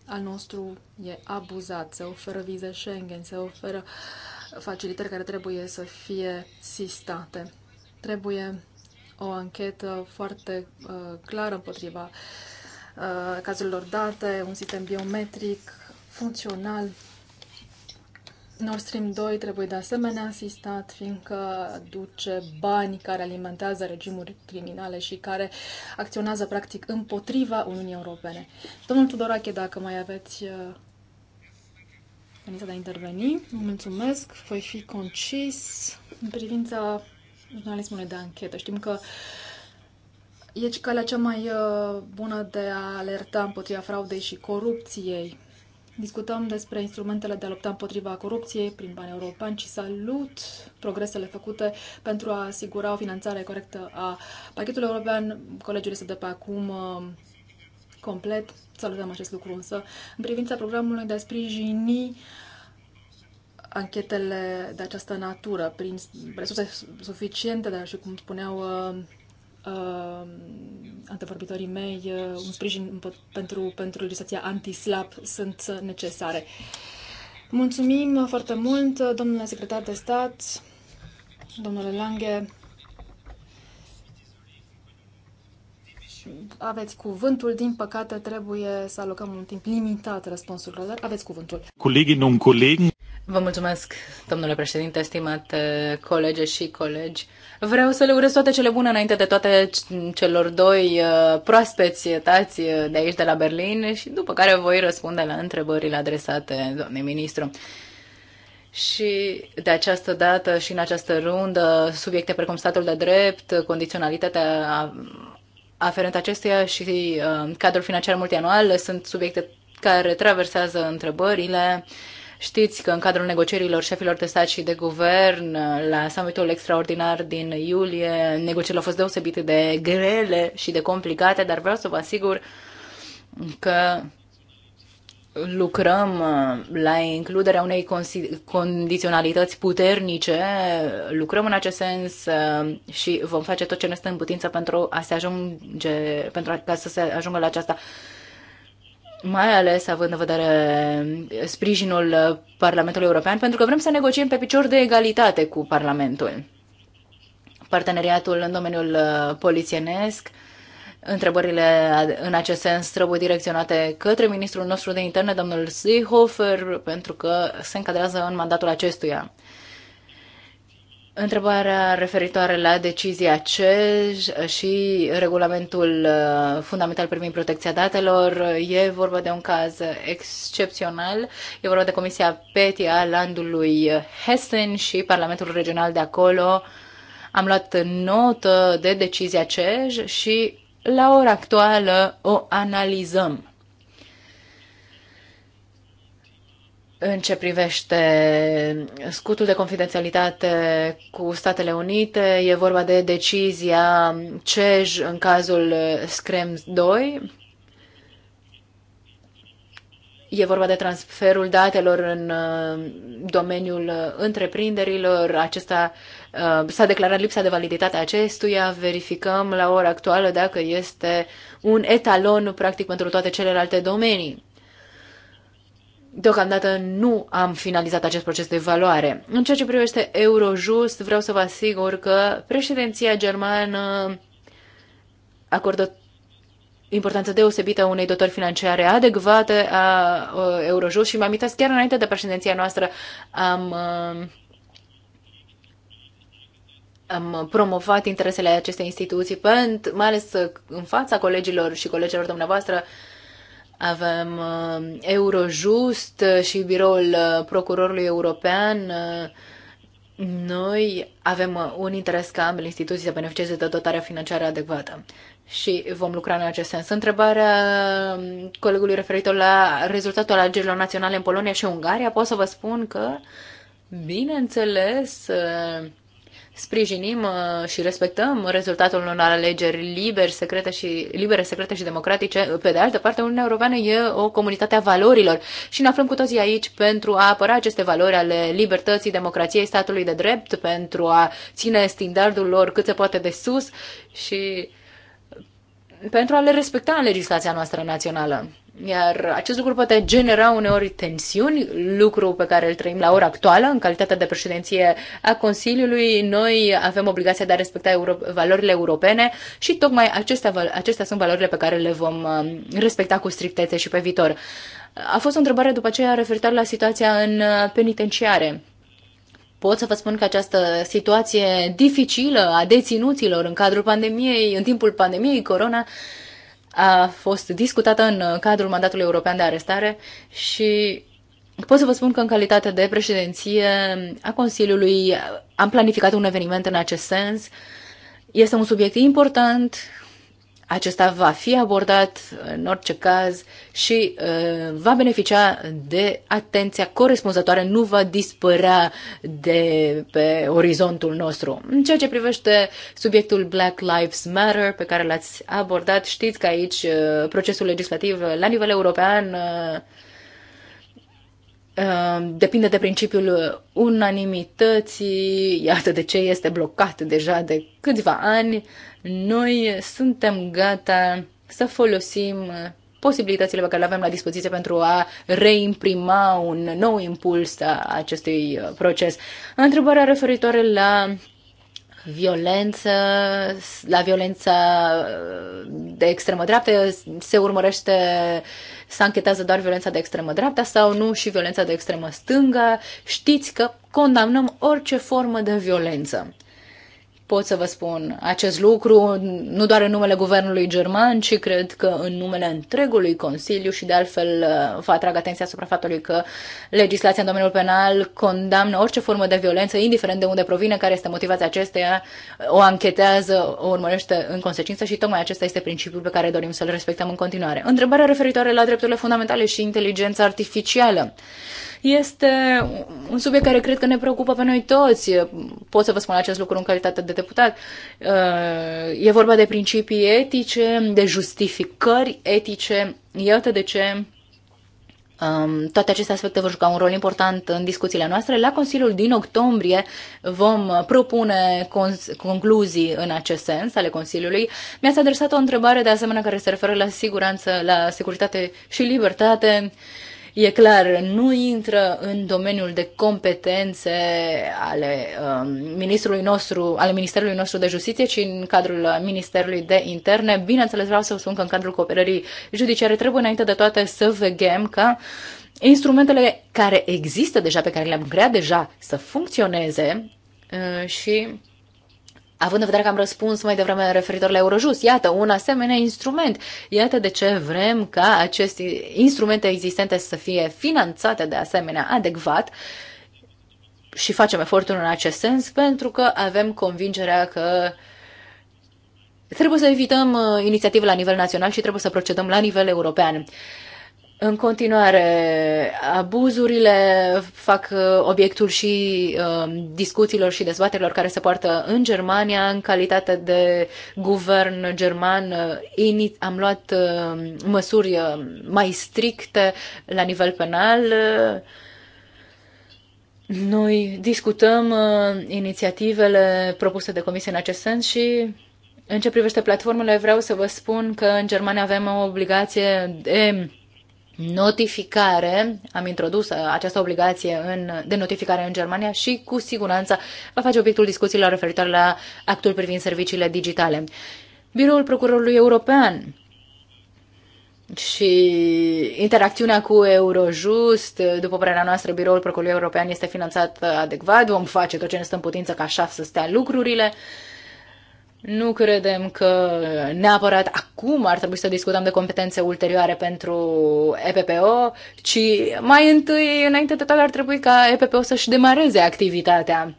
al nostru e abuzat, se oferă vize Schengen, se oferă facilitări care trebuie să fie sistate. Trebuie o anchetă foarte uh, clară împotriva uh, cazurilor date, un sistem biometric funcțional Nord Stream 2 trebuie de asemenea asistat, fiindcă duce bani care alimentează regimuri criminale și care acționează practic împotriva Uniunii Europene. Domnul Tudorache, dacă mai aveți venit uh, de a interveni, mulțumesc, voi fi concis în privința jurnalismului de anchetă. Știm că e calea cea mai uh, bună de a alerta împotriva fraudei și corupției Discutăm despre instrumentele de a lupta împotriva corupției prin bani europeni și salut progresele făcute pentru a asigura o finanțare corectă a pachetului european. Colegiul este de pe acum uh, complet. Salutăm acest lucru însă. În privința programului de a sprijini anchetele de această natură, prin resurse suficiente, dar și cum spuneau uh, uh, antevorbitorii mei, uh, un sprijin pentru, pentru legislația anti-slap sunt necesare. Mulțumim foarte mult, domnule secretar de stat, domnule Lange. Aveți cuvântul, din păcate trebuie să alocăm un timp limitat răspunsurilor, dar aveți cuvântul. Colegii, nu colegi. Vă mulțumesc, domnule președinte, stimate colege și colegi. Vreau să le urez toate cele bune înainte de toate celor doi uh, proaspeți tați uh, de aici, de la Berlin, și după care voi răspunde la întrebările adresate doamnei ministru. Și de această dată și în această rundă, subiecte precum statul de drept, condiționalitatea aferent acestuia și uh, cadrul financiar multianual sunt subiecte care traversează întrebările uh, Știți că în cadrul negocierilor șefilor de stat și de guvern la summitul extraordinar din iulie, negocierile au fost deosebite de grele și de complicate, dar vreau să vă asigur că lucrăm uh, la includerea unei condiționalități puternice, lucrăm în acest sens uh, și vom face tot ce ne stă în putință pentru a se ajunge, pentru ca să se ajungă la aceasta mai ales având în vedere sprijinul Parlamentului European, pentru că vrem să negociem pe picior de egalitate cu Parlamentul. Parteneriatul în domeniul uh, polițienesc, întrebările în acest sens trebuie direcționate către ministrul nostru de interne, domnul Seehofer, pentru că se încadrează în mandatul acestuia. Întrebarea referitoare la decizia ce și regulamentul uh, fundamental privind protecția datelor e vorba de un caz excepțional. E vorba de Comisia PETI a landului Hessen și Parlamentul Regional de acolo. Am luat notă de decizia CEJ și la ora actuală o analizăm. În ce privește scutul de confidențialitate cu Statele Unite, e vorba de decizia CEJ în cazul Screms 2. E vorba de transferul datelor în uh, domeniul întreprinderilor. Acesta uh, s-a declarat lipsa de validitate acestuia. Verificăm la ora actuală dacă este un etalon practic pentru toate celelalte domenii. Deocamdată nu am finalizat acest proces de evaluare. În ceea ce privește Eurojust, vreau să vă asigur că președinția germană acordă importanță deosebită unei dotări financiare adecvate a uh, Eurojust și mă amintesc chiar înainte de președinția noastră am, uh, am promovat interesele acestei instituții, mai ales în fața colegilor și colegilor dumneavoastră, avem uh, Eurojust uh, și biroul uh, procurorului european. Noi avem un interes ca ambele instituții să beneficieze de dotarea financiară adecvată și vom lucra în acest sens. Întrebarea um, colegului referitor la rezultatul alegerilor naționale în Polonia și Ungaria, pot să vă spun că, bineînțeles, sprijinim uh, și respectăm rezultatul unor alegeri liber, secrete și, libere, secrete și democratice. Pe de altă parte, Uniunea Europeană e o comunitate a valorilor și ne aflăm cu toții aici pentru a apăra aceste valori ale libertății, democrației, statului de drept, pentru a ține standardul lor cât se poate de sus și pentru a le respecta în legislația noastră națională. Iar acest lucru poate genera uneori tensiuni, lucru pe care îl trăim la ora actuală, în calitatea de președinție a Consiliului. Noi avem obligația de a respecta euro- valorile europene și tocmai acestea, acestea sunt valorile pe care le vom um, respecta cu strictețe și pe viitor. A fost o întrebare după aceea referitor la situația în uh, penitenciare. Pot să vă spun că această situație dificilă a deținuților în cadrul pandemiei, în timpul pandemiei corona, uh, a fost discutată în cadrul mandatului european de arestare și pot să vă spun că în calitate de președinție a Consiliului am planificat un eveniment în acest sens. Este un subiect important acesta va fi abordat în orice caz și uh, va beneficia de atenția corespunzătoare, nu va dispărea de pe orizontul nostru. În ceea ce privește subiectul Black Lives Matter pe care l-ați abordat, știți că aici uh, procesul legislativ la nivel european uh, Ehm, depinde de principiul unanimității, iată de ce este blocat deja de câțiva ani, noi suntem gata să folosim posibilitățile pe care le avem la dispoziție pentru a reimprima un nou impuls a acestui uh, proces. Întrebarea referitoare la violență, la violența uh, de extremă dreaptă se urmărește, să anchetează doar violența de extremă dreapta sau nu și violența de extremă stânga. Știți că condamnăm orice formă de violență pot să vă spun acest lucru, nu doar în numele guvernului german, ci cred că în numele întregului Consiliu și de altfel uh, vă atrag atenția asupra faptului că legislația în domeniul penal condamnă orice formă de violență, indiferent de unde provine, care este motivația acesteia, o anchetează, o urmărește în consecință și tocmai acesta este principiul pe care dorim să-l respectăm în continuare. Întrebarea referitoare la drepturile fundamentale și inteligența artificială este un subiect care cred că ne preocupă pe noi toți. Pot să vă spun acest lucru în calitate de deputat. Uh, e vorba de principii etice, de justificări etice. Iată de ce um, toate aceste aspecte vor juca un rol important în discuțiile noastre. La Consiliul din octombrie vom propune concluzii în acest sens ale Consiliului. Mi-ați adresat o întrebare de asemenea care se referă la siguranță, la securitate și libertate. Uh, E clar, nu intră în domeniul de competențe ale um, ministrului nostru, ale Ministerului nostru de Justiție, ci în cadrul Ministerului de Interne. Bineînțeles, vreau să spun că în cadrul cooperării judiciare trebuie înainte de toate să vegem că instrumentele care există deja, pe care le-am creat deja, să funcționeze uh, și Având în vedere că am răspuns mai devreme referitor la Eurojust, iată, un asemenea instrument. Iată de ce vrem ca aceste instrumente existente să fie finanțate de asemenea adecvat și facem efortul în acest sens pentru că avem convingerea că trebuie să evităm uh, inițiative la nivel național și trebuie să procedăm la nivel european. În continuare, abuzurile fac uh, obiectul și uh, discuțiilor și dezbaterilor care se poartă în Germania. În calitate de guvern german, uh, am luat um, uh, măsuri mai stricte la nivel penal. noi discutăm uh, inițiativele propuse de comisie în acest sens și în ce privește platformele, vreau să vă spun că în Germania avem o obligație de notificare, am introdus uh, această obligație în, de notificare în Germania și cu siguranță va face obiectul discuțiilor referitoare la actul privind serviciile digitale. Biroul Procurorului European și interacțiunea cu Eurojust, uh, după părerea noastră, Biroul Procurorului European este finanțat uh, adecvat, vom face tot ce ne stă în putință ca așa să stea lucrurile. Uh, nu credem că neapărat acum ar trebui să discutăm de competențe ulterioare pentru EPPO, ci mai întâi, înainte de toate, ar trebui ca EPPO să-și demareze activitatea.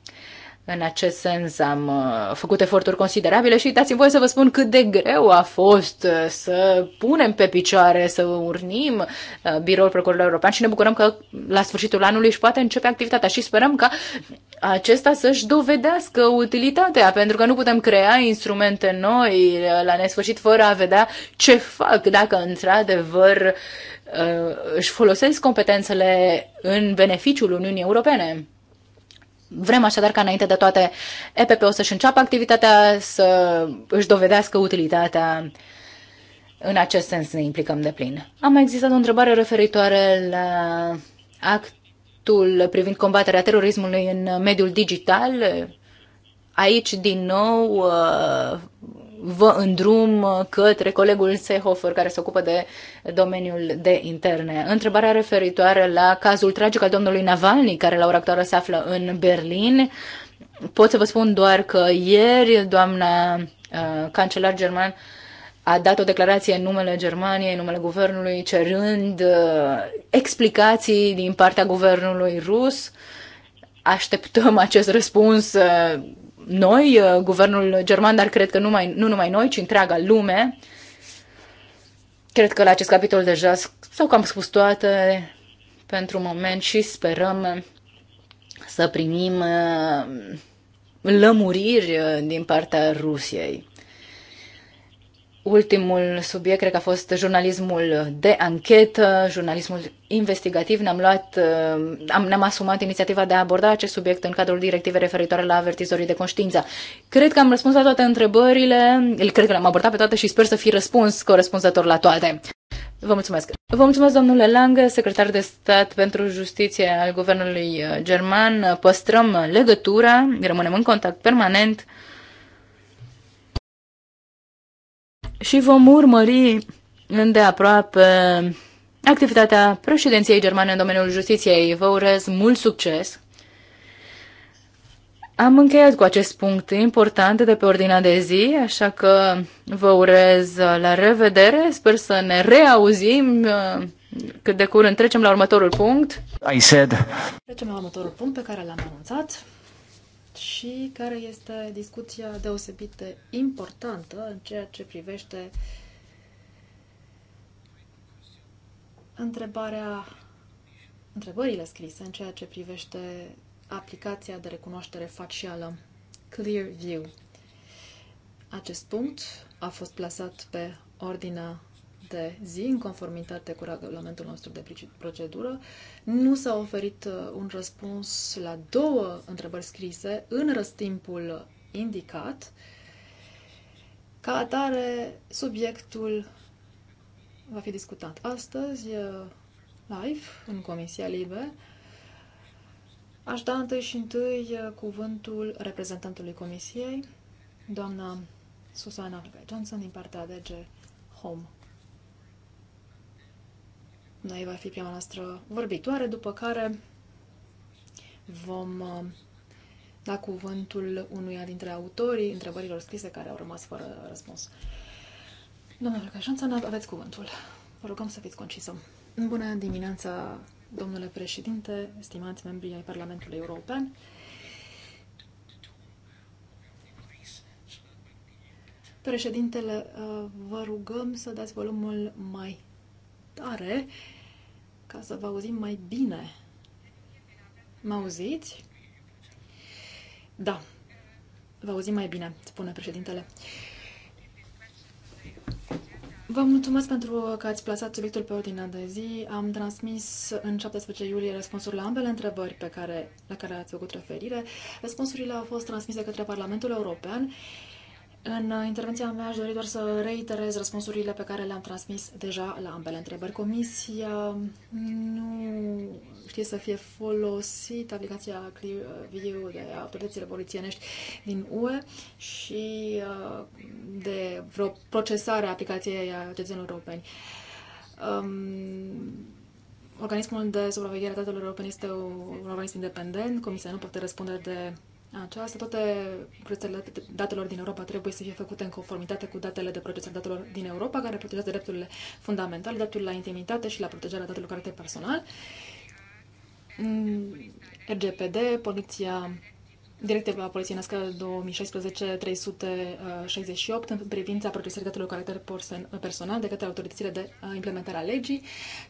În acest sens am uh, făcut eforturi considerabile și uitați mi voi să vă spun cât de greu a fost uh, să punem pe picioare, să urnim uh, biroul Procurorului European și ne bucurăm că la sfârșitul anului își poate începe activitatea și sperăm ca acesta să-și dovedească utilitatea, pentru că nu putem crea instrumente noi la nesfârșit fără a vedea ce fac, dacă într-adevăr își folosesc competențele în beneficiul Uniunii Europene. Vrem așadar ca înainte de toate EPP-ul să-și înceapă activitatea, să își dovedească utilitatea în acest sens ne implicăm de plin. Am mai existat o întrebare referitoare la actul privind combaterea terorismului în mediul digital. Aici, din nou, vă îndrum uh, către colegul Sehofer care se ocupă de domeniul de interne. Întrebarea referitoare la cazul tragic al domnului Navalny, care la ora actuală se află în Berlin. Pot să vă spun doar că ieri doamna uh, cancelar german a dat o declarație în numele Germaniei, în numele guvernului, cerând uh, explicații din partea guvernului rus. Așteptăm acest răspuns uh, noi, uh, guvernul german, dar cred că numai, nu numai noi, ci întreaga lume. Cred că la acest capitol deja s-au cam spus toate pentru moment și sperăm uh, să primim uh, lămuriri din partea Rusiei. Ultimul subiect cred că a fost jurnalismul de anchetă, jurnalismul investigativ. Ne-am luat, uh, am, ne-am asumat inițiativa de a aborda acest subiect în cadrul directivei referitoare la avertizorii de conștiință. Cred că am răspuns la toate întrebările, cred că le-am abordat pe toate și sper să fi răspuns corespunzător la toate. Vă mulțumesc. Vă mulțumesc, domnule Lange, secretar de stat pentru justiție al guvernului uh, german. Păstrăm legătura, rămânem în contact permanent. și vom urmări îndeaproape activitatea președinției germane în domeniul justiției. Vă urez mult succes! Am încheiat cu acest punct important de pe ordinea de zi, așa că vă urez la revedere. Sper să ne reauzim uh, cât de curând. Trecem la următorul punct. I said. Trecem la următorul punct pe care l-am anunțat și care este discuția deosebit de importantă în ceea ce privește întrebarea, întrebările scrise în ceea ce privește aplicația de recunoaștere facială Clearview. Acest punct a fost plasat pe ordinea de zi, în conformitate cu regulamentul nostru de procedură, nu s-a oferit uh, un răspuns la două întrebări scrise în răstimpul indicat. Ca atare, subiectul va fi discutat astăzi uh, live în Comisia Libe. Aș da întâi și întâi uh, cuvântul reprezentantului Comisiei, doamna Susana Johnson, din partea DG Home. Noi va fi prima noastră vorbitoare, după care vom uh, da cuvântul unuia dintre autorii întrebărilor scrise care au rămas fără răspuns. Domnule Cașanțan, aveți cuvântul. Vă rugăm să fiți concisă. Bună dimineața, domnule președinte, stimați membrii ai Parlamentului European. Președintele, uh, vă rugăm să dați volumul mai tare ca să vă auzim mai bine. Mă auziți? Da, vă auzim mai bine, spune președintele. Vă mulțumesc pentru că ați plasat subiectul pe ordinea de zi. Am transmis în 17 iulie răspunsuri la ambele întrebări pe care, la care ați făcut referire. Răspunsurile au fost transmise către Parlamentul European. Uh, în intervenția mea aș dori doar să reiterez răspunsurile pe care le-am transmis deja la ambele întrebări. Comisia nu știe să fie folosită aplicația ClearView de autoritățile polițienești din UE și uh, de vreo procesare a aplicației a cetățenilor europeni. Um, organismul de supraveghere a datelor europene este un organism independent. Comisia nu poate răspunde de aceasta, toate procesele datelor din Europa trebuie să fie făcute în conformitate cu datele de procesare datelor din Europa, care protejează drepturile fundamentale, dreptul la intimitate și la protejarea datelor caracter personal. Mm, RGPD, Poliția Directiva polițienescă 2016-368 în privința procesării datelor caracter personal de către autoritățile de uh, implementare a legii,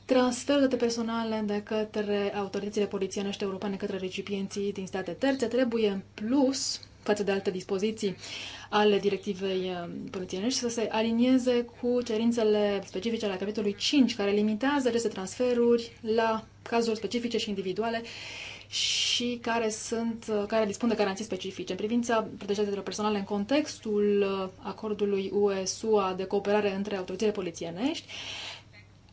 transfer date personale de către autoritățile polițienești europene către recipienții din state terțe trebuie în plus față de alte dispoziții ale directivei uh, polițienești să se alinieze cu cerințele specifice ale capitolului 5, care limitează aceste transferuri la cazuri specifice și individuale uh, și care, sunt, uh, care dispun de garanții specifice. În privința protejării personale în contextul uh, acordului UE-SUA de cooperare între autoritățile polițienești,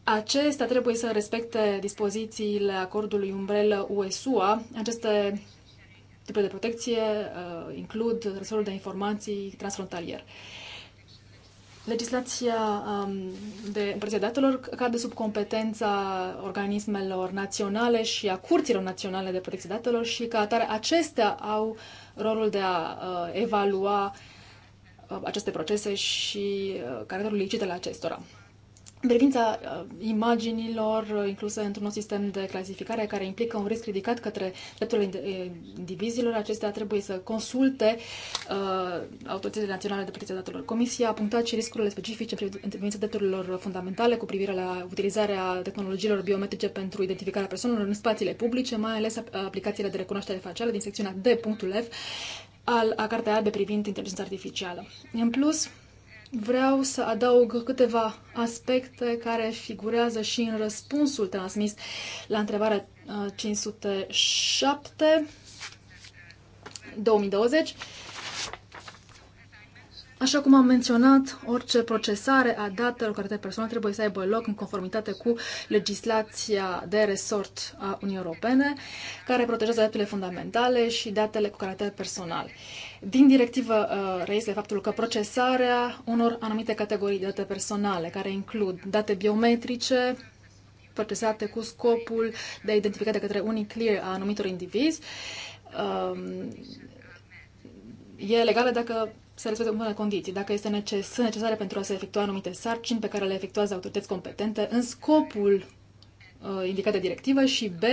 acestea trebuie să respecte dispozițiile acordului umbrelă UE-SUA. Aceste tipuri de protecție uh, includ transferul de informații transfrontalier. Uh, Legislația um, de împărțire datelor cade sub competența organismelor naționale și a curților naționale de protecție datelor și ca atare acestea au rolul de a uh, evalua uh, aceste procese și uh, caracterul licit al acestora în privința uh, imaginilor uh, incluse într-un sistem de clasificare care implică un risc ridicat către drepturile uh, indivizilor, acestea trebuie să consulte uh, autoritățile naționale de protecție a datelor. Comisia a punctat și riscurile specifice în privința drepturilor fundamentale cu privire la utilizarea tehnologiilor biometrice pentru identificarea persoanelor în spațiile publice, mai ales aplicațiile de recunoaștere facială din secțiunea D.F al a cartea Albe privind inteligența artificială. În plus, vreau să adaug câteva aspecte care figurează și în răspunsul transmis la întrebarea 507 uh, 2020 Așa cum am menționat, orice procesare a datelor cu caracter personal trebuie să aibă loc în conformitate cu legislația de resort a Uniunii Europene, care protejează datele fundamentale și datele cu caracter personal. Din directivă uh, reiese faptul că procesarea unor anumite categorii de date personale, care includ date biometrice, procesate cu scopul de a identifica de către unii clear a anumitor indivizi, um, e legală dacă se respectă în condiții, dacă este neces- sunt necesare pentru a se efectua anumite sarcini pe care le efectuează autorități competente în scopul uh, indicat de directivă și B,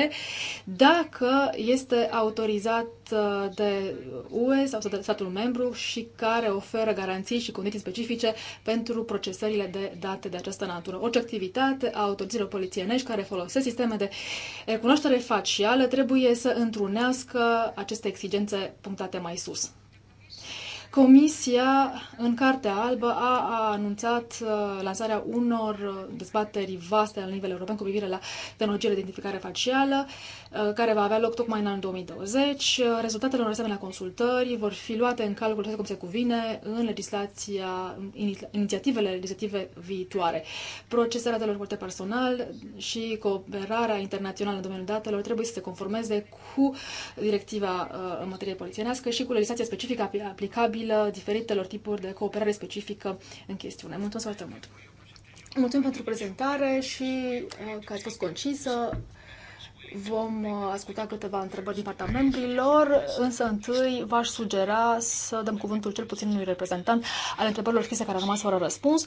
dacă este autorizat uh, de UE sau de statul membru și care oferă garanții și condiții specifice pentru procesările de date de această natură. Orice activitate a autorităților polițienești care folosesc sisteme de recunoaștere facială trebuie să întrunească aceste exigențe punctate mai sus. Comisia, în Cartea Albă, a, a anunțat uh, lansarea unor uh, dezbateri vaste la nivel european cu privire la tehnologia de identificare facială, uh, care va avea loc tocmai în anul 2020. Uh, rezultatele unor asemenea consultări vor fi luate în calcul, așa cum se cuvine, în legislația, in, inițiativele legislative viitoare. Procesarea datelor cu personal și cooperarea internațională în domeniul datelor trebuie să se conformeze cu directiva uh, în materie polițienească și cu legislația specifică aplicabilă aplicabilă diferitelor tipuri de cooperare specifică în chestiune. Mulțumesc foarte mult! Mulțumim pentru prezentare și uh, că ați fost concisă. Vom uh, asculta câteva întrebări din partea membrilor, însă întâi v-aș sugera să dăm cuvântul cel puțin unui reprezentant al întrebărilor scrise care au rămas fără răspuns.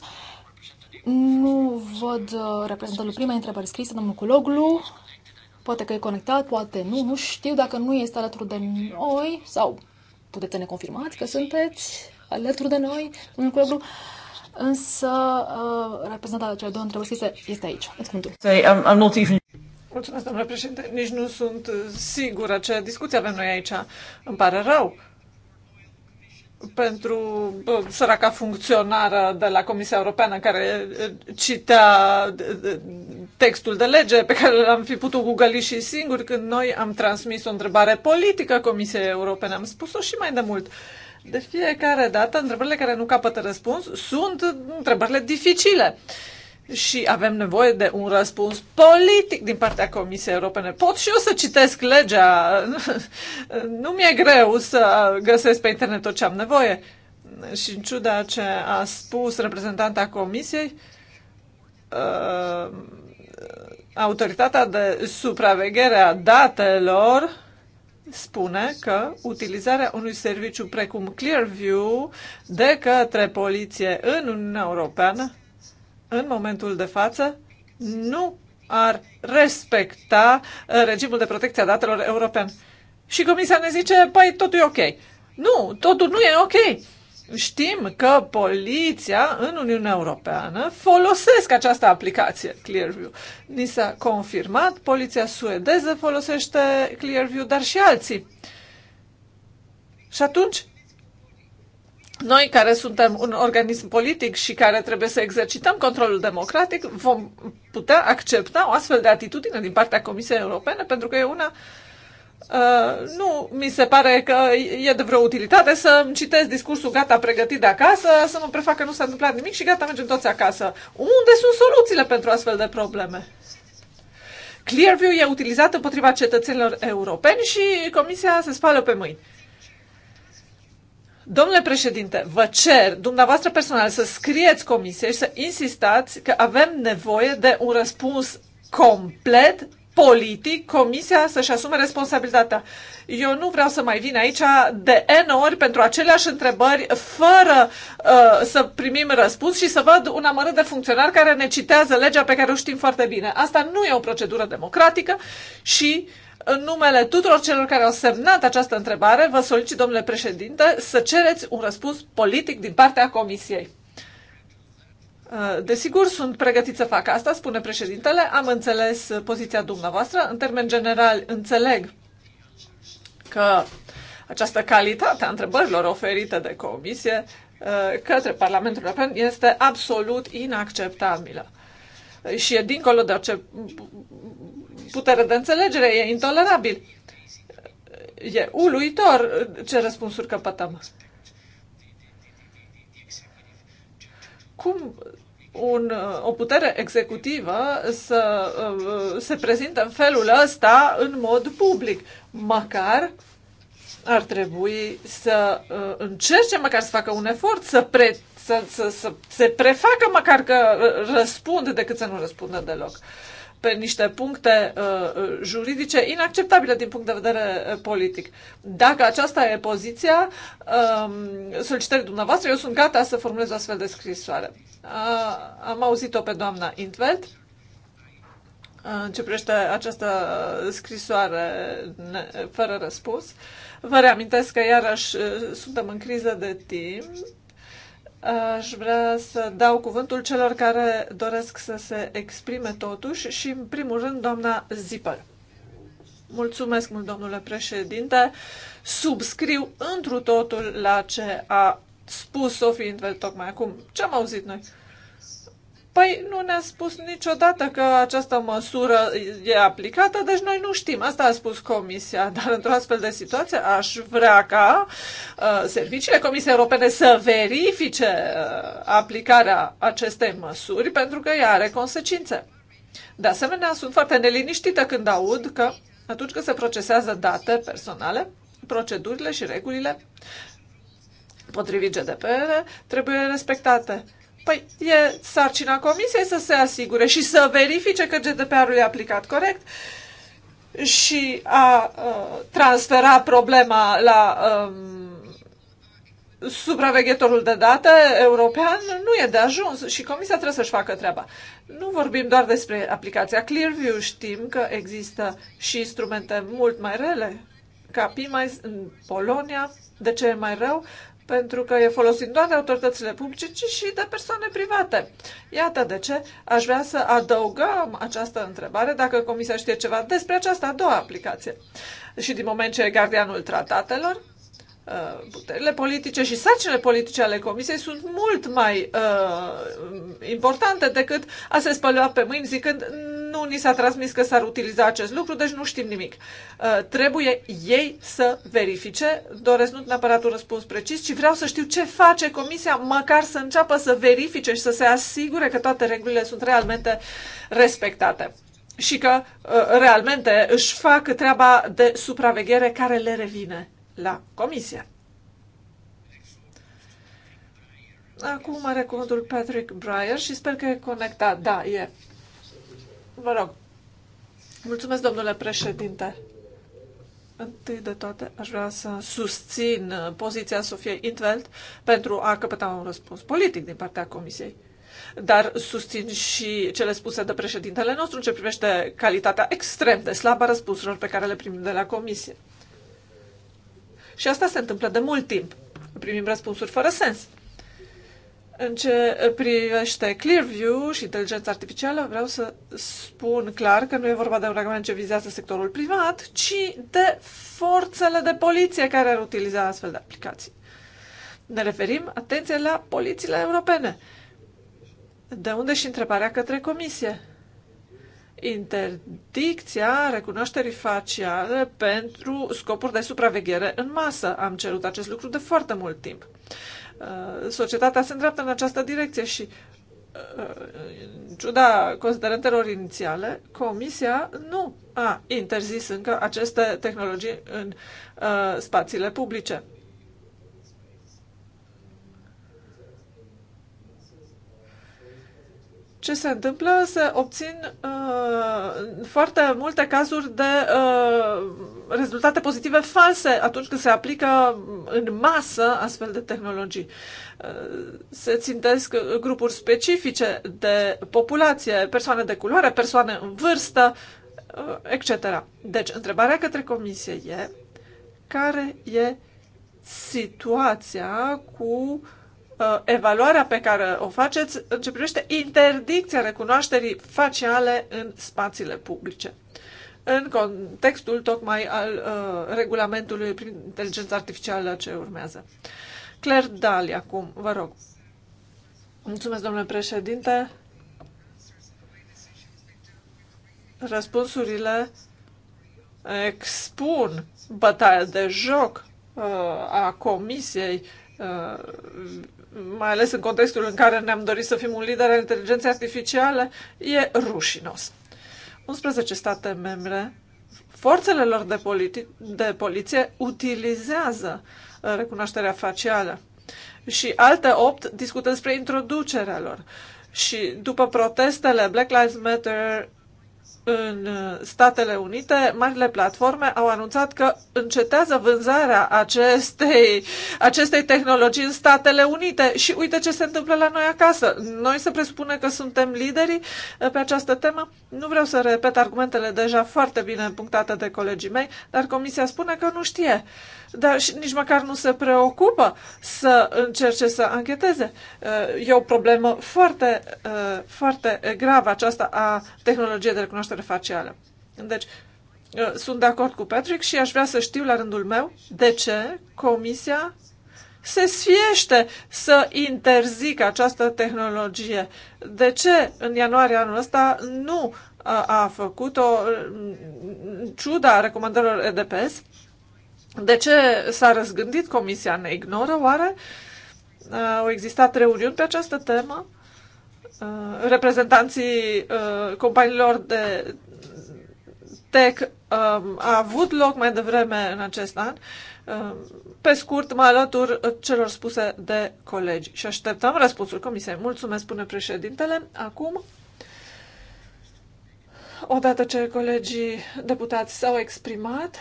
Nu văd uh, reprezentantul primei întrebări scrise, domnul Culoglu. Poate că e conectat, poate nu, nu știu dacă nu este alături de noi sau puteți să ne confirmați că sunteți alături de noi, în clubul. Însă, uh, reprezentanta cele două întrebări este, este aici. Îți cuvântul. I'm, not even... Mulțumesc, domnule președinte. Nici nu sunt uh, sigură ce discuție avem noi aici. Îmi pare rău pentru săraca funcționară de la Comisia Europeană care eh, citea eh, textul de lege pe care l-am fi putut googăli și singur când noi am transmis o întrebare politică Comisiei Europene. Am spus-o și mai de mult. De fiecare dată, întrebările care nu capătă răspuns sunt întrebările dificile. Uh, și avem nevoie de un răspuns politic din partea Comisiei Europene. Pot și eu să citesc legea. Nu mi-e greu să găsesc pe internet tot ce am nevoie. Și în ciuda ce a spus reprezentanta Comisiei, uh, autoritatea de supraveghere a datelor spune că utilizarea unui serviciu precum Clearview de către poliție în Uniunea Europeană în momentul de față nu ar respecta uh, regimul de protecție a datelor european. Și comisia ne zice, păi totul e ok. Nu, totul nu e ok. Știm că poliția în Uniunea Europeană folosesc această aplicație Clearview. Ni s-a confirmat, poliția suedeză folosește Clearview, dar și alții. Și atunci, noi care suntem un organism politic și care trebuie să exercităm controlul democratic, vom putea accepta o astfel de atitudine din partea Comisiei Europene, pentru că e una Uh, nu mi se pare că e de vreo utilitate să-mi citesc discursul gata pregătit de acasă, să mă prefac că nu s-a întâmplat nimic și gata, mergem toți acasă. Unde sunt soluțiile pentru astfel de probleme? Clearview e utilizat împotriva cetățenilor europeni și Comisia se spală pe mâini. Domnule președinte, vă cer dumneavoastră personal să scrieți comisie și să insistați că avem nevoie de un răspuns complet politic, comisia să-și asume responsabilitatea. Eu nu vreau să mai vin aici de N ori pentru aceleași întrebări fără uh, să primim răspuns și să văd un amărât de funcționar care ne citează legea pe care o știm foarte bine. Asta nu e o procedură democratică și uh, în numele tuturor celor care au semnat această întrebare, vă solicit, domnule președinte, să cereți un răspuns politic din partea Comisiei. Uh, desigur, sunt pregătit să fac asta, spune președintele. Am înțeles poziția dumneavoastră. În termen general, înțeleg că această calitate a întrebărilor oferite de comisie uh, către Parlamentul European este absolut inacceptabilă. Și e dincolo de orice putere de înțelegere, e intolerabil. E uluitor ce răspunsuri căpătăm. Cum un, o putere executivă să uh, se prezintă în felul ăsta în mod public? Măcar ar trebui să uh, încerce măcar să facă un efort, să, pre, să, să, să se prefacă măcar că răspund decât să nu răspundă deloc. Uh, pe niște puncte uh, uh, juridice inacceptabile din punct de vedere uh, politic. Dacă aceasta e poziția uh, um, solicitării dumneavoastră, eu sunt gata să formulez astfel de scrisoare. Uh, am auzit-o pe doamna Intveld uh, în ce privește această scrisoare fără răspuns. Vă reamintesc că iarăși suntem în criză de timp Aș vrea să dau cuvântul celor care doresc să se exprime totuși și, în primul rând, doamna Zipăl. Mulțumesc mult, domnule președinte. Subscriu întru totul la ce a spus Sofie Intvel tocmai acum. Ce am auzit noi? Păi nu ne-a spus niciodată că această măsură e aplicată, deci noi nu știm. Asta a spus Comisia, dar într-o astfel de situație aș vrea ca uh, serviciile Comisiei Europene să verifice uh, aplicarea acestei măsuri, pentru că ea are consecințe. De asemenea, sunt foarte neliniștită când aud că atunci când se procesează date personale, procedurile și regulile potrivit GDPR trebuie respectate Păi e sarcina comisiei să se asigure și să verifice că GDPR-ul e aplicat corect și a uh, transfera problema la um, supraveghetorul de date european nu e de ajuns și comisia trebuie să-și facă treaba. Nu vorbim doar despre aplicația Clearview, știm că există și instrumente mult mai rele, ca PIMAIS în Polonia, de ce e mai rău? pentru că e folosit doar de autoritățile publice, ci și de persoane private. Iată de ce aș vrea să adăugăm această întrebare, dacă Comisia știe ceva despre această a doua aplicație. Și din moment ce e gardianul tratatelor, uh, puterile politice și sarcinile politice ale Comisiei sunt mult mai uh, importante decât a se spălua pe mâini zicând nu ni s-a transmis că s-ar utiliza acest lucru, deci nu știm nimic. Uh, trebuie ei să verifice. Doresc nu neapărat un răspuns precis, ci vreau să știu ce face Comisia, măcar să înceapă să verifice și să se asigure că toate regulile sunt realmente respectate și că uh, realmente își fac treaba de supraveghere care le revine la Comisie. Acum are cuvântul Patrick Breyer și sper că e conectat. Da, e. Vă rog. Mulțumesc, domnule președinte. Întâi de toate, aș vrea să susțin uh, poziția Sofiei Intveld pentru a căpăta un răspuns politic din partea Comisiei. Dar susțin și cele spuse de președintele nostru în ce privește calitatea extrem de slabă a răspunsurilor pe care le primim de la Comisie. Și asta se întâmplă de mult timp. Primim răspunsuri fără sens. În ce privește Clearview și inteligența artificială, vreau să spun clar că nu e vorba de un regulament ce vizează sectorul privat, ci de forțele de poliție care ar utiliza astfel de aplicații. Ne referim, atenție, la polițiile europene. De unde și întrebarea către comisie? Interdicția recunoașterii faciale pentru scopuri de supraveghere în masă. Am cerut acest lucru de foarte mult timp. Uh, societatea se îndreaptă în această direcție și uh, în ciuda considerentelor inițiale, Comisia nu a interzis încă aceste tehnologii în uh, spațiile publice. Ce se întâmplă? Se obțin uh, foarte multe cazuri de uh, rezultate pozitive false atunci când se aplică în masă astfel de tehnologii. Uh, se țintesc grupuri specifice de populație, persoane de culoare, persoane în vârstă, uh, etc. Deci, întrebarea către comisie e care e situația cu uh, evaluarea pe care o faceți în ce privește interdicția recunoașterii faciale în spațiile publice în contextul tocmai al uh, regulamentului prin inteligență artificială ce urmează. Claire Dali, acum, vă rog. Mulțumesc, domnule președinte. Răspunsurile expun bătaia de joc uh, a comisiei, uh, mai ales în contextul în care ne-am dorit să fim un lider al inteligenței artificiale, e rușinos. 11 state membre, forțele lor de, politi- de poliție utilizează uh, recunoașterea facială și alte 8 discută despre introducerea lor. Și după protestele Black Lives Matter în uh, Statele Unite, marile platforme au anunțat că încetează vânzarea acestei, acestei tehnologii în Statele Unite și uite ce se întâmplă la noi acasă. Noi se presupune că suntem liderii uh, pe această temă. Nu vreau să repet argumentele deja foarte bine punctate de colegii mei, dar Comisia spune că nu știe dar și nici măcar nu se preocupă să încerce să ancheteze. E o problemă foarte, foarte gravă aceasta a tehnologiei de recunoaștere facială. Deci, sunt de acord cu Patrick și aș vrea să știu la rândul meu de ce Comisia se sfiește să interzică această tehnologie. De ce în ianuarie anul ăsta nu a făcut-o ciuda recomandărilor EDPS de ce s-a răzgândit Comisia? Ne ignoră oare? Uh, au existat reuniuni pe această temă? Uh, reprezentanții uh, companiilor de tech um, a avut loc mai devreme în acest an. Pe scurt, mă alătur celor spuse de colegi și așteptăm răspunsul Comisiei. Mulțumesc, spune președintele. Acum odată ce colegii deputați s-au exprimat,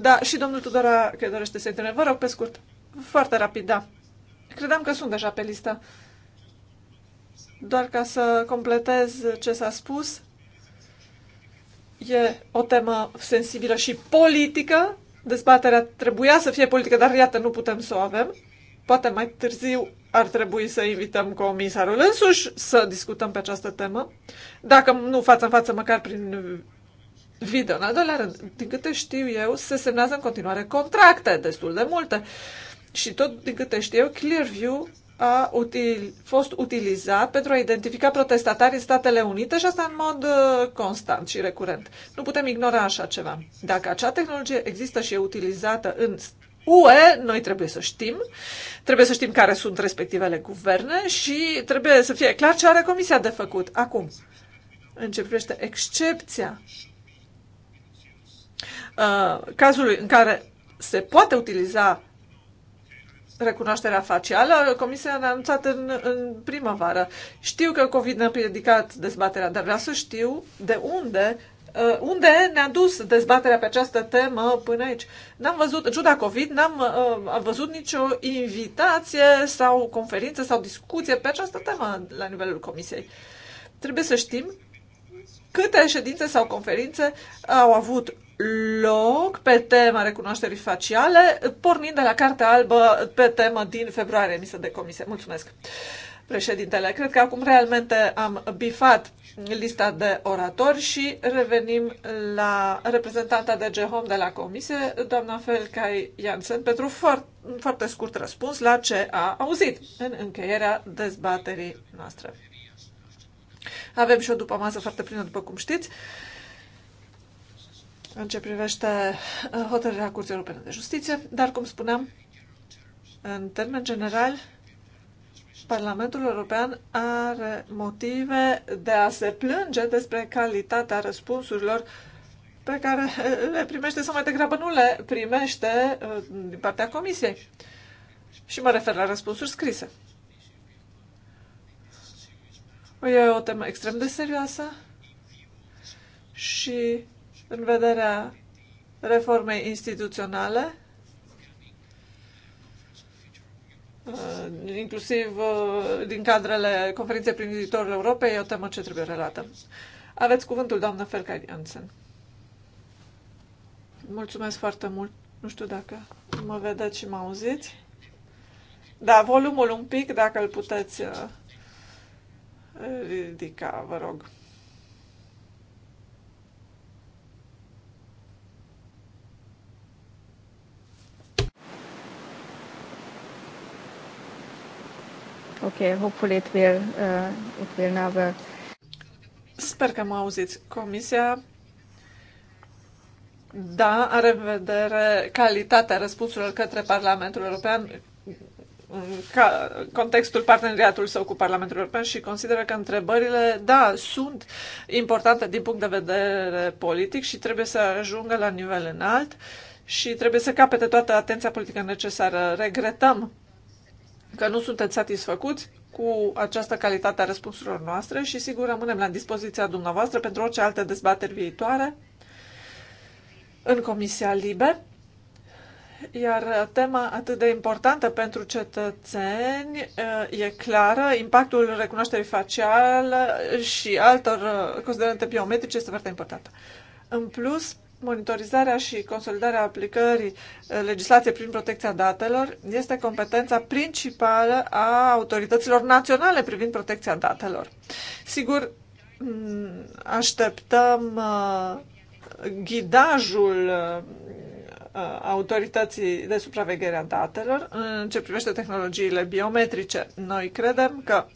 da, și domnul Tudora, că dorește să intre. Vă rog, pe scurt, foarte rapid, da. Credeam că sunt deja pe listă. Doar ca să completez ce s-a spus, e o temă sensibilă și politică. Dezbaterea trebuia să fie politică, dar iată, nu putem să o avem. Poate mai târziu ar trebui să invităm comisarul însuși să discutăm pe această temă. Dacă nu față în față, măcar prin video. În al doilea rând, din câte știu eu, se semnează în continuare contracte, destul de multe. Și tot din câte știu eu, Clearview a util, fost utilizat pentru a identifica protestatari în Statele Unite și asta în mod uh, constant și recurent. Nu putem ignora așa ceva. Dacă acea tehnologie există și e utilizată în UE, noi trebuie să știm, trebuie să știm care sunt respectivele guverne și trebuie să fie clar ce are Comisia de făcut. Acum, în ce privește excepția Uh, cazului în care se poate utiliza recunoașterea facială, Comisia ne-a anunțat în, în primăvară. Știu că COVID ne-a predicat dezbaterea, dar vreau să știu de unde Uh, unde ne-a dus dezbaterea pe această temă până aici? N-am văzut, în ciuda COVID, n-am uh, văzut nicio invitație sau conferință sau discuție pe această temă la nivelul Comisiei. Trebuie să știm câte ședințe sau conferințe au avut loc pe tema recunoașterii faciale, pornind de la Cartea Albă pe temă din februarie emisă de comisie. Mulțumesc, președintele. Cred că acum realmente am bifat lista de oratori și revenim la reprezentanta de GHOM de la comisie, doamna Felcai Jansen, pentru foarte, foarte scurt răspuns la ce a auzit în încheierea dezbaterii noastre. Avem și o după masă foarte plină, după cum știți în ce privește uh, hotărârea Curții Europene de Justiție, dar, cum spuneam, în termen general, Parlamentul European are motive de a se plânge despre calitatea răspunsurilor pe care uh, le primește sau mai degrabă nu le primește uh, din partea Comisiei. Și mă refer la răspunsuri scrise. E o temă extrem de serioasă și în vederea reformei instituționale, uh, inclusiv uh, din cadrele conferinței prin viitorul Europei, e o temă ce trebuie relată. Aveți cuvântul, doamnă Felca Jansen. Mulțumesc foarte mult. Nu știu dacă mă vedeți și mă auziți. Da, volumul un pic, dacă îl puteți uh, ridica, vă rog. Okay, hopefully it will, uh, it will now work. Sper că mă auziți. Comisia da, are în vedere calitatea răspunsurilor către Parlamentul European în contextul parteneriatului său cu Parlamentul European și consideră că întrebările, da, sunt importante din punct de vedere politic și trebuie să ajungă la nivel înalt și trebuie să capete toată atenția politică necesară. Regretăm că nu sunteți satisfăcuți cu această calitate a răspunsurilor noastre și sigur rămânem la dispoziția dumneavoastră pentru orice alte dezbateri viitoare în Comisia Liber. Iar tema atât de importantă pentru cetățeni uh, e clară. Impactul recunoașterii faciale și altor uh, considerente biometrice este foarte important. În plus, monitorizarea și consolidarea aplicării eh, legislației prin protecția datelor este competența principală a autorităților naționale privind protecția datelor. Sigur, mm, așteptăm eh, ghidajul eh, autorității de supraveghere a datelor în ce privește tehnologiile biometrice. Noi credem că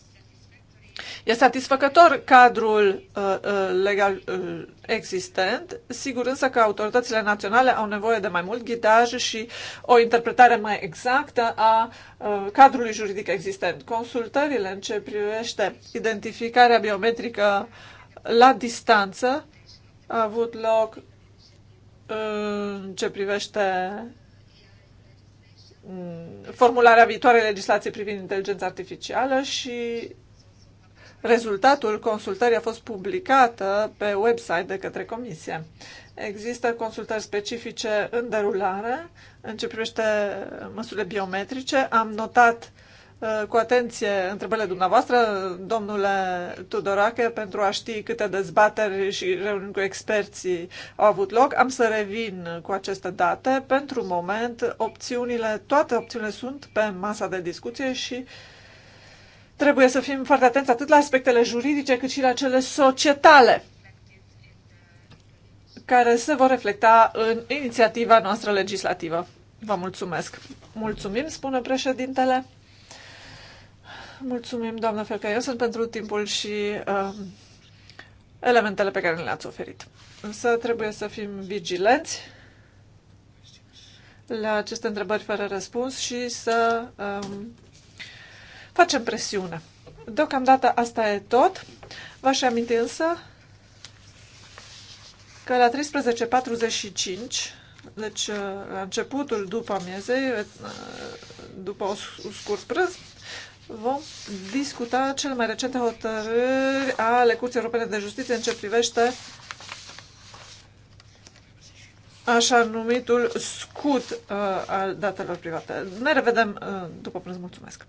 E satisfăcător cadrul uh, uh, legal uh, existent, sigur însă că autoritățile naționale au nevoie de mai mult ghidaj și o interpretare mai exactă a uh, cadrului juridic existent. Consultările în ce privește identificarea biometrică la distanță a avut loc uh, în ce privește mm, formularea viitoarei legislației privind inteligența artificială și Rezultatul consultării a fost publicată pe website de către Comisie. Există consultări specifice în derulare în ce privește măsurile biometrice. Am notat uh, cu atenție întrebările dumneavoastră, domnule Tudorache, pentru a ști câte dezbateri și reuniuni cu experții au avut loc. Am să revin cu aceste date. Pentru moment, opțiunile, toate opțiunile sunt pe masa de discuție și uh, Trebuie să fim foarte atenți atât la aspectele juridice cât și la cele societale care se vor reflecta în inițiativa noastră legislativă. Vă mulțumesc. Mulțumim, spune președintele. Mulțumim, doamnă Felca, eu sunt pentru timpul și uh, elementele pe care le-ați oferit. Însă trebuie să fim vigilenți la aceste întrebări fără răspuns și să uh, Facem presiune. Deocamdată asta e tot. V-aș aminti însă că la 13.45, deci uh, la începutul după amiezei, uh, după un scurt prânz, vom discuta cele mai recente hotărâri ale Curții Europene de Justiție în ce privește așa numitul scut uh, al datelor private. Ne revedem uh, după prânz. Mulțumesc!